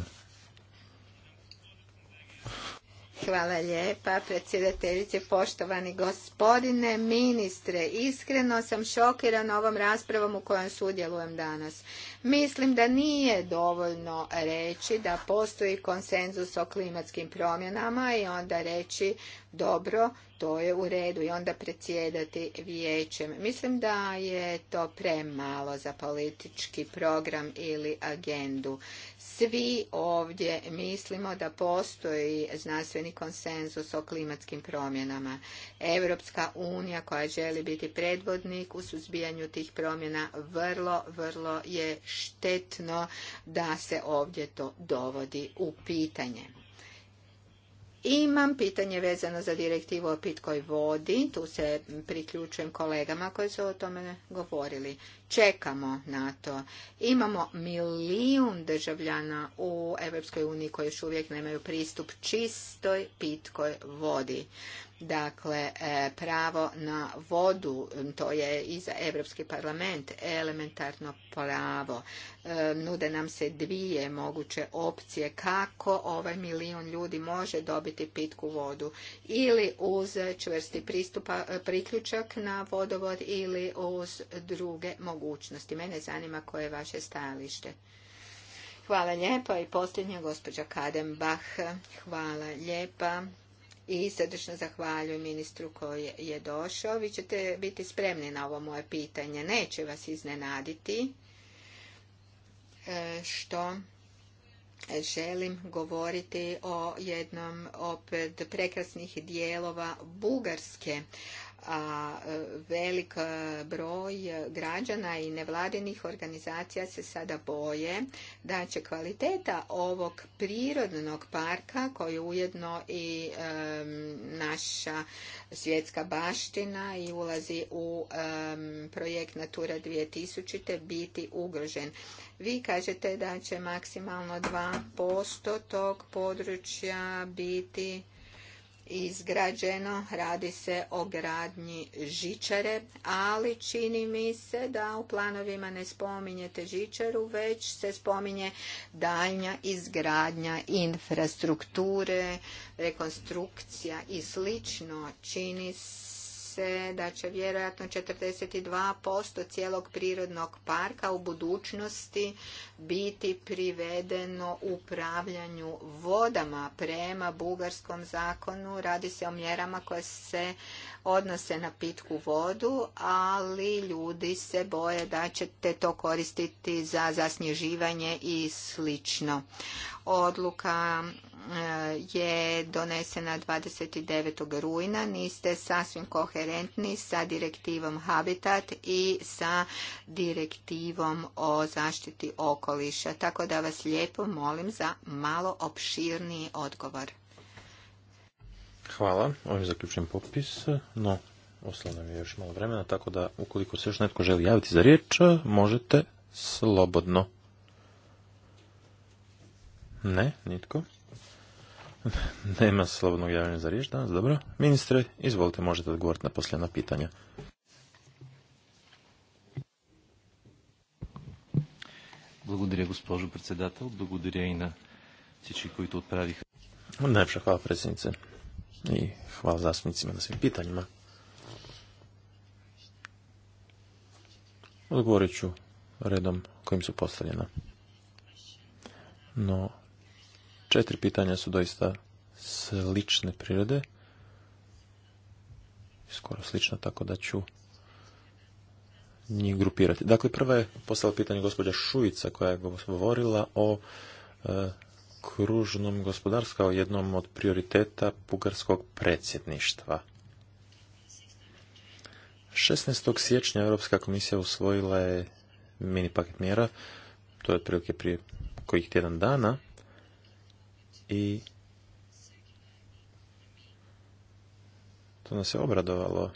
Hvala lijepa, predsjedateljice, poštovani gospodine ministre. Iskreno sam šokiran ovom raspravom u kojoj sudjelujem danas. Mislim da nije dovoljno reći da postoji konsenzus o klimatskim promjenama i onda reći dobro, to je u redu i onda predsjedati vijećem. Mislim da je to premalo za politički program ili agendu. Svi ovdje mislimo da postoji znanstveni konsenzus o klimatskim promjenama. Evropska unija koja želi biti predvodnik u suzbijanju tih promjena vrlo, vrlo je štetno da se ovdje to dovodi u pitanje. Imam pitanje vezano za direktivu o pitkoj vodi. Tu se priključujem kolegama koji su o tome govorili. Čekamo na to. Imamo milijun državljana u EU koji još uvijek nemaju pristup čistoj pitkoj vodi. Dakle, e, pravo na vodu, to je i za Europski parlament elementarno pravo. E, nude nam se dvije moguće opcije kako ovaj milion ljudi može dobiti pitku vodu. Ili uz čvrsti pristupa, priključak na vodovod ili uz druge mogućnosti. Mene zanima koje je vaše stajalište. Hvala lijepa i posljednja gospođa Kadenbach. Hvala lijepa i srdečno zahvaljujem ministru koji je došao. Vi ćete biti spremni na ovo moje pitanje. Neće vas iznenaditi e, što želim govoriti o jednom opet prekrasnih dijelova Bugarske a e, velik e, broj građana i nevladinih organizacija se sada boje da će kvaliteta ovog prirodnog parka koji je ujedno i e, naša svjetska baština i ulazi u projekt Natura 2000 biti ugrožen. Vi kažete da će maksimalno 2% tog područja biti izgrađeno, radi se o gradnji žičare, ali čini mi se da u planovima ne spominjete žičaru, već se spominje daljnja izgradnja infrastrukture, rekonstrukcija i slično. Čini se se da će vjerojatno 42% cijelog prirodnog parka u budućnosti biti privedeno upravljanju vodama prema bugarskom zakonu. Radi se o mjerama koje se odnose na pitku vodu, ali ljudi se boje da ćete to koristiti za zasnježivanje i slično. Odluka je donesena 29. rujna. Niste sasvim koherentni sa direktivom Habitat i sa direktivom o zaštiti okoliša. Tako da vas lijepo molim za malo opširniji odgovor. Hvala. Ovim zaključujem popis. No, ostalo nam je još malo vremena, tako da ukoliko se još netko želi javiti za riječ, možete slobodno. Ne, nitko. Nema slobodnog javljanja za riječ danas, dobro. Ministre, izvolite, možete odgovoriti na posljedna pitanja. Благодаря, госпожо председател. Благодаря и на всички, които отправиха. най Najpša hvala predsjednice i hvala zastupnicima на svim pitanjima. Odgovorit ću редом, kojim su postavljena. Но Četiri pitanja su doista slične prirode. Skoro slična, tako da ću njih grupirati. Dakle, prva je postala pitanje gospođa Šujica koja je govorila o e, kružnom gospodarstvu kao jednom od prioriteta bugarskog predsjedništva. 16. siječnja Europska komisija usvojila je mini paket mjera, to je prilike prije kojih tjedan dana, i to nas je obradovalo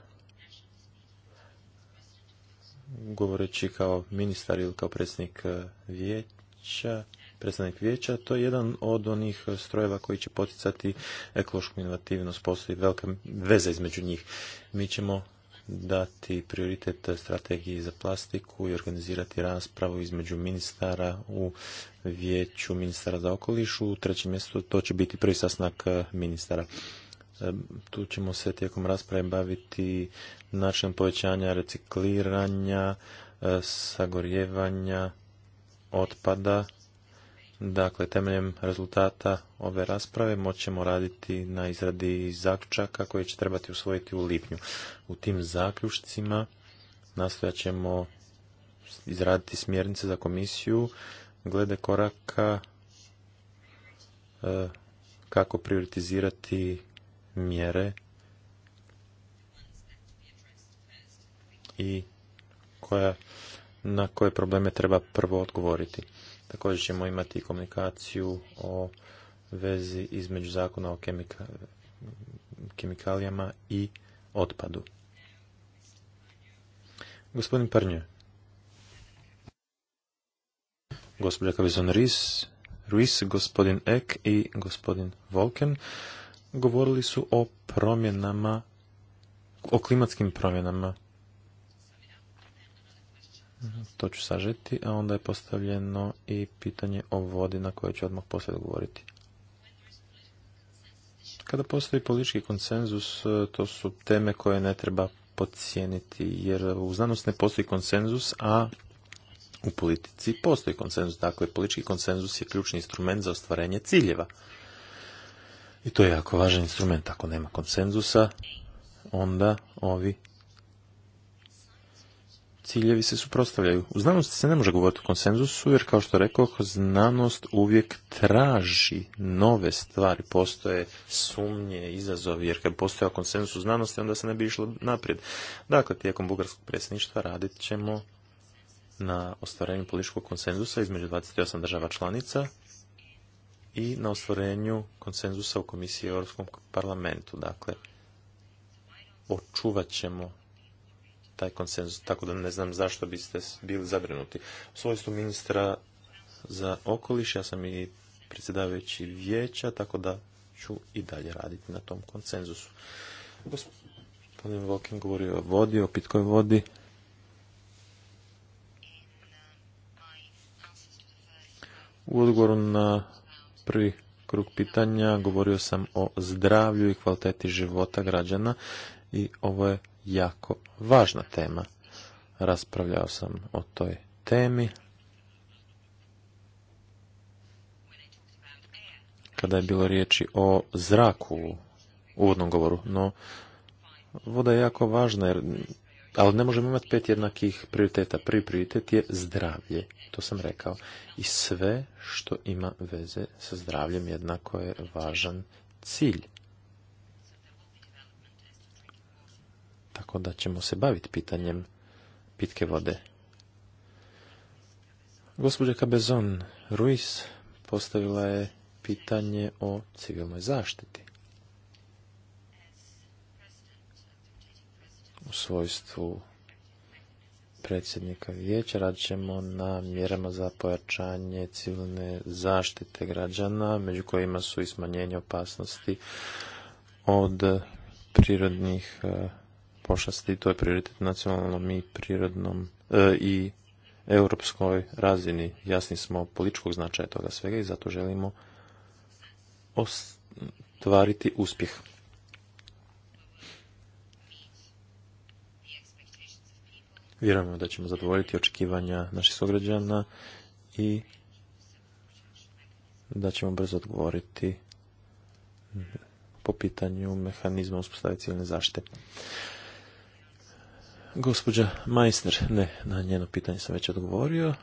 govoreći kao ministar ili kao predsjednik eh, vijeća predstavnik vijeća, to je jedan od onih strojeva koji će poticati ekološku inovativnost, postoji velika veza između njih. Mi ćemo dati prioritet strategiji za plastiku i organizirati raspravu između ministara u vijeću ministara za okoliš. U trećem mjestu to će biti prvi sastanak e, ministara. E, tu ćemo se tijekom rasprave baviti načinom povećanja recikliranja, e, sagorjevanja, otpada Dakle, temeljem rezultata ove rasprave moćemo raditi na izradi zaključaka koje će trebati usvojiti u lipnju. U tim zaključcima nastojat ćemo izraditi smjernice za komisiju glede koraka e, kako prioritizirati mjere i koja, na koje probleme treba prvo odgovoriti. Također ćemo imati komunikaciju o vezi između zakona o kemikalijama i otpadu. Gospodin Parnje. Gospodin Kavizon Ruiz, gospodin Ek i gospodin Volken govorili su o promjenama, o klimatskim promjenama to ću sažeti, a onda je postavljeno i pitanje o vodi na koje ću odmah poslije odgovoriti. Kada postoji politički konsenzus, to su teme koje ne treba podcijeniti, jer u znanosti ne postoji konsenzus, a u politici postoji konsenzus. Dakle, politički konsenzus je ključni instrument za ostvarenje ciljeva. I to je jako važan instrument. Ako nema konsenzusa, onda ovi ciljevi se suprotstavljaju. U znanosti se ne može govoriti o konsenzusu, jer kao što rekao, znanost uvijek traži nove stvari. Postoje sumnje, izazovi, jer kad postojao konsenzus u znanosti, onda se ne bi išlo naprijed. Dakle, tijekom bugarskog predsjedništva radit ćemo na ostvarenju političkog konsenzusa između 28 država članica i na ostvarenju konsenzusa u Komisiji u Europskom parlamentu. Dakle, očuvat ćemo taj konsenzus, tako da ne znam zašto biste bili zabrinuti. U svojstvu ministra za okoliš, ja sam i predsjedavajući vijeća, tako da ću i dalje raditi na tom konsenzusu. Gospodin Vokin govorio o vodi, o pitkoj vodi. U odgovoru na prvi krug pitanja govorio sam o zdravlju i kvaliteti života građana i ovo je jako važna tema. Raspravljao sam o toj temi. Kada je bilo riječi o zraku u uvodnom govoru, no voda je jako važna jer ali ne možemo imati pet jednakih prioriteta. Prvi prioritet je zdravlje, to sam rekao. I sve što ima veze sa zdravljem jednako je važan cilj. tako da ćemo se baviti pitanjem pitke vode. Gospođa Cabezon Ruiz postavila je pitanje o civilnoj zaštiti. U svojstvu predsjednika vijeća radit ćemo na mjerama za pojačanje civilne zaštite građana, među kojima su i smanjenje opasnosti od prirodnih eh, pošasti, to je prioritet nacionalnom i prirodnom e, i europskoj razini. Jasni smo političkog značaja toga svega i zato želimo ostvariti uspjeh. Vjerujemo da ćemo zadovoljiti očekivanja naših sugrađana i da ćemo brzo odgovoriti po pitanju mehanizma uspostavljanja civilne zaštite. Gospođa Majsner, ne, na njeno pitanje sam već odgovorio.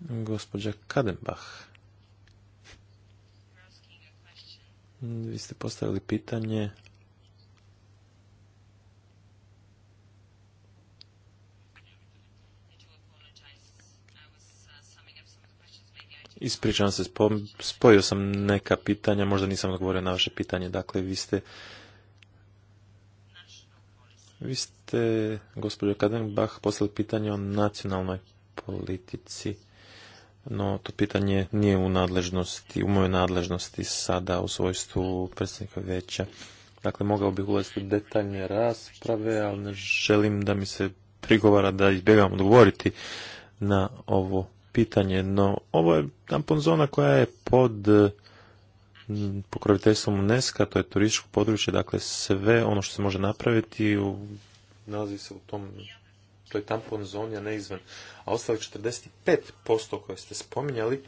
Gospođa Kadenbach. Vi ste postavili pitanje Ispričavam se, spojio sam neka pitanja, možda nisam odgovorio na vaše pitanje, dakle vi ste vi ste, gospođo Kadenbach, poslali pitanje o nacionalnoj politici, no to pitanje nije u nadležnosti, u mojoj nadležnosti sada u svojstvu predsjednika veća. Dakle, mogao bih ulaziti u detaljne rasprave, ali ne želim da mi se prigovara da izbjegam odgovoriti na ovo pitanje. No, ovo je tampon zona koja je pod pokroviteljstvom UNESCO, to je turističko područje, dakle sve ono što se može napraviti u, nalazi se u tom je tampon zoni, a ne izvan. A ostalih 45% koje ste spominjali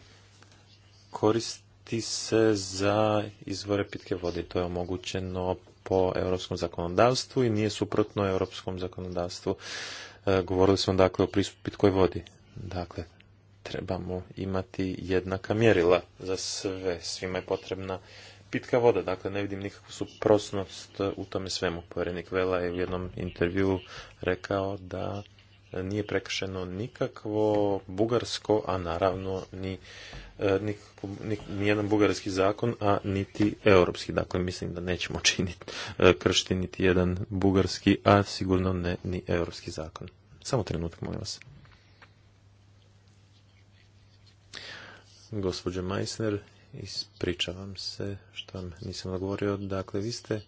koristi se za izvore pitke vode. To je omogućeno po europskom zakonodavstvu i nije suprotno europskom zakonodavstvu. E, govorili smo dakle o pristupu pitkoj vodi. Dakle, trebamo imati jednaka mjerila za sve. Svima je potrebna pitka voda, dakle ne vidim nikakvu suprosnost u tome svemu. Povjerenik Vela je u jednom intervju rekao da nije prekršeno nikakvo bugarsko, a naravno ni, e, ni, ni, jedan bugarski zakon, a niti europski. Dakle, mislim da nećemo činiti e, kršiti niti jedan bugarski, a sigurno ne ni europski zakon. Samo trenutak, molim vas. gospođe Meissner, ispričavam se što vam nisam odgovorio. Dakle, vi ste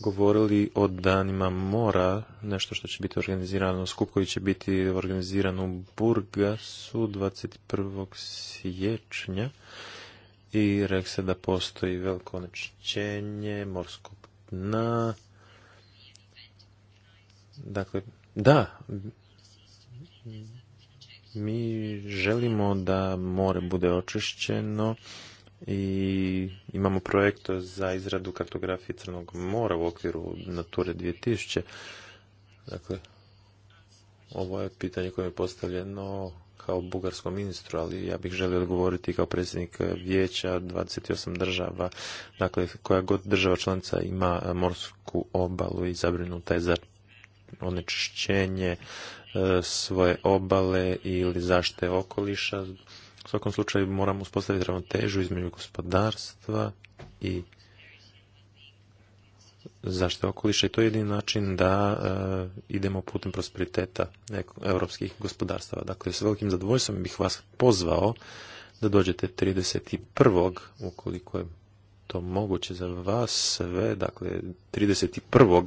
govorili o danima mora, nešto što će biti organizirano, skup koji će biti organiziran u Burgasu 21. siječnja i rek se da postoji veliko onečišćenje morsko dna. Dakle, da, mi želimo da more bude očišćeno i imamo projekt za izradu kartografije Crnog mora u okviru Nature 2000. Dakle, ovo je pitanje koje je postavljeno kao bugarskom ministru, ali ja bih želio odgovoriti kao predsjednik vijeća 28 država, dakle koja god država članica ima morsku obalu i zabrinuta je za onečišćenje E, svoje obale ili zaštite okoliša. U svakom slučaju moramo uspostaviti ravnotežu između gospodarstva i zaštite okoliša i to je jedini način da e, idemo putem prosperiteta europskih gospodarstava. Dakle, s velikim zadovoljstvom bih vas pozvao da dođete 31. ukoliko je to moguće za vas sve, dakle 31.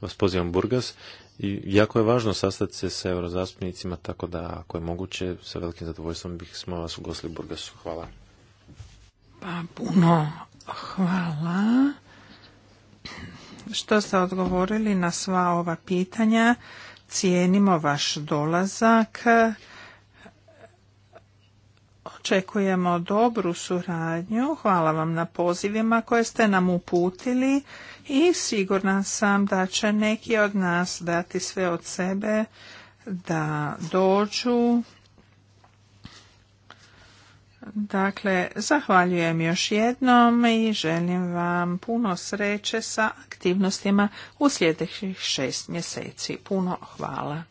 vas pozivam Burgas i jako je važno sastati se sa eurozastupnicima, tako da ako je moguće, sa velikim zadovoljstvom bih smo vas ugostili Burgasu. Hvala. Pa puno hvala što ste odgovorili na sva ova pitanja. Cijenimo vaš dolazak. Očekujemo dobru suradnju. Hvala vam na pozivima koje ste nam uputili i sigurna sam da će neki od nas dati sve od sebe da dođu. Dakle, zahvaljujem još jednom i želim vam puno sreće sa aktivnostima u sljedećih šest mjeseci. Puno hvala.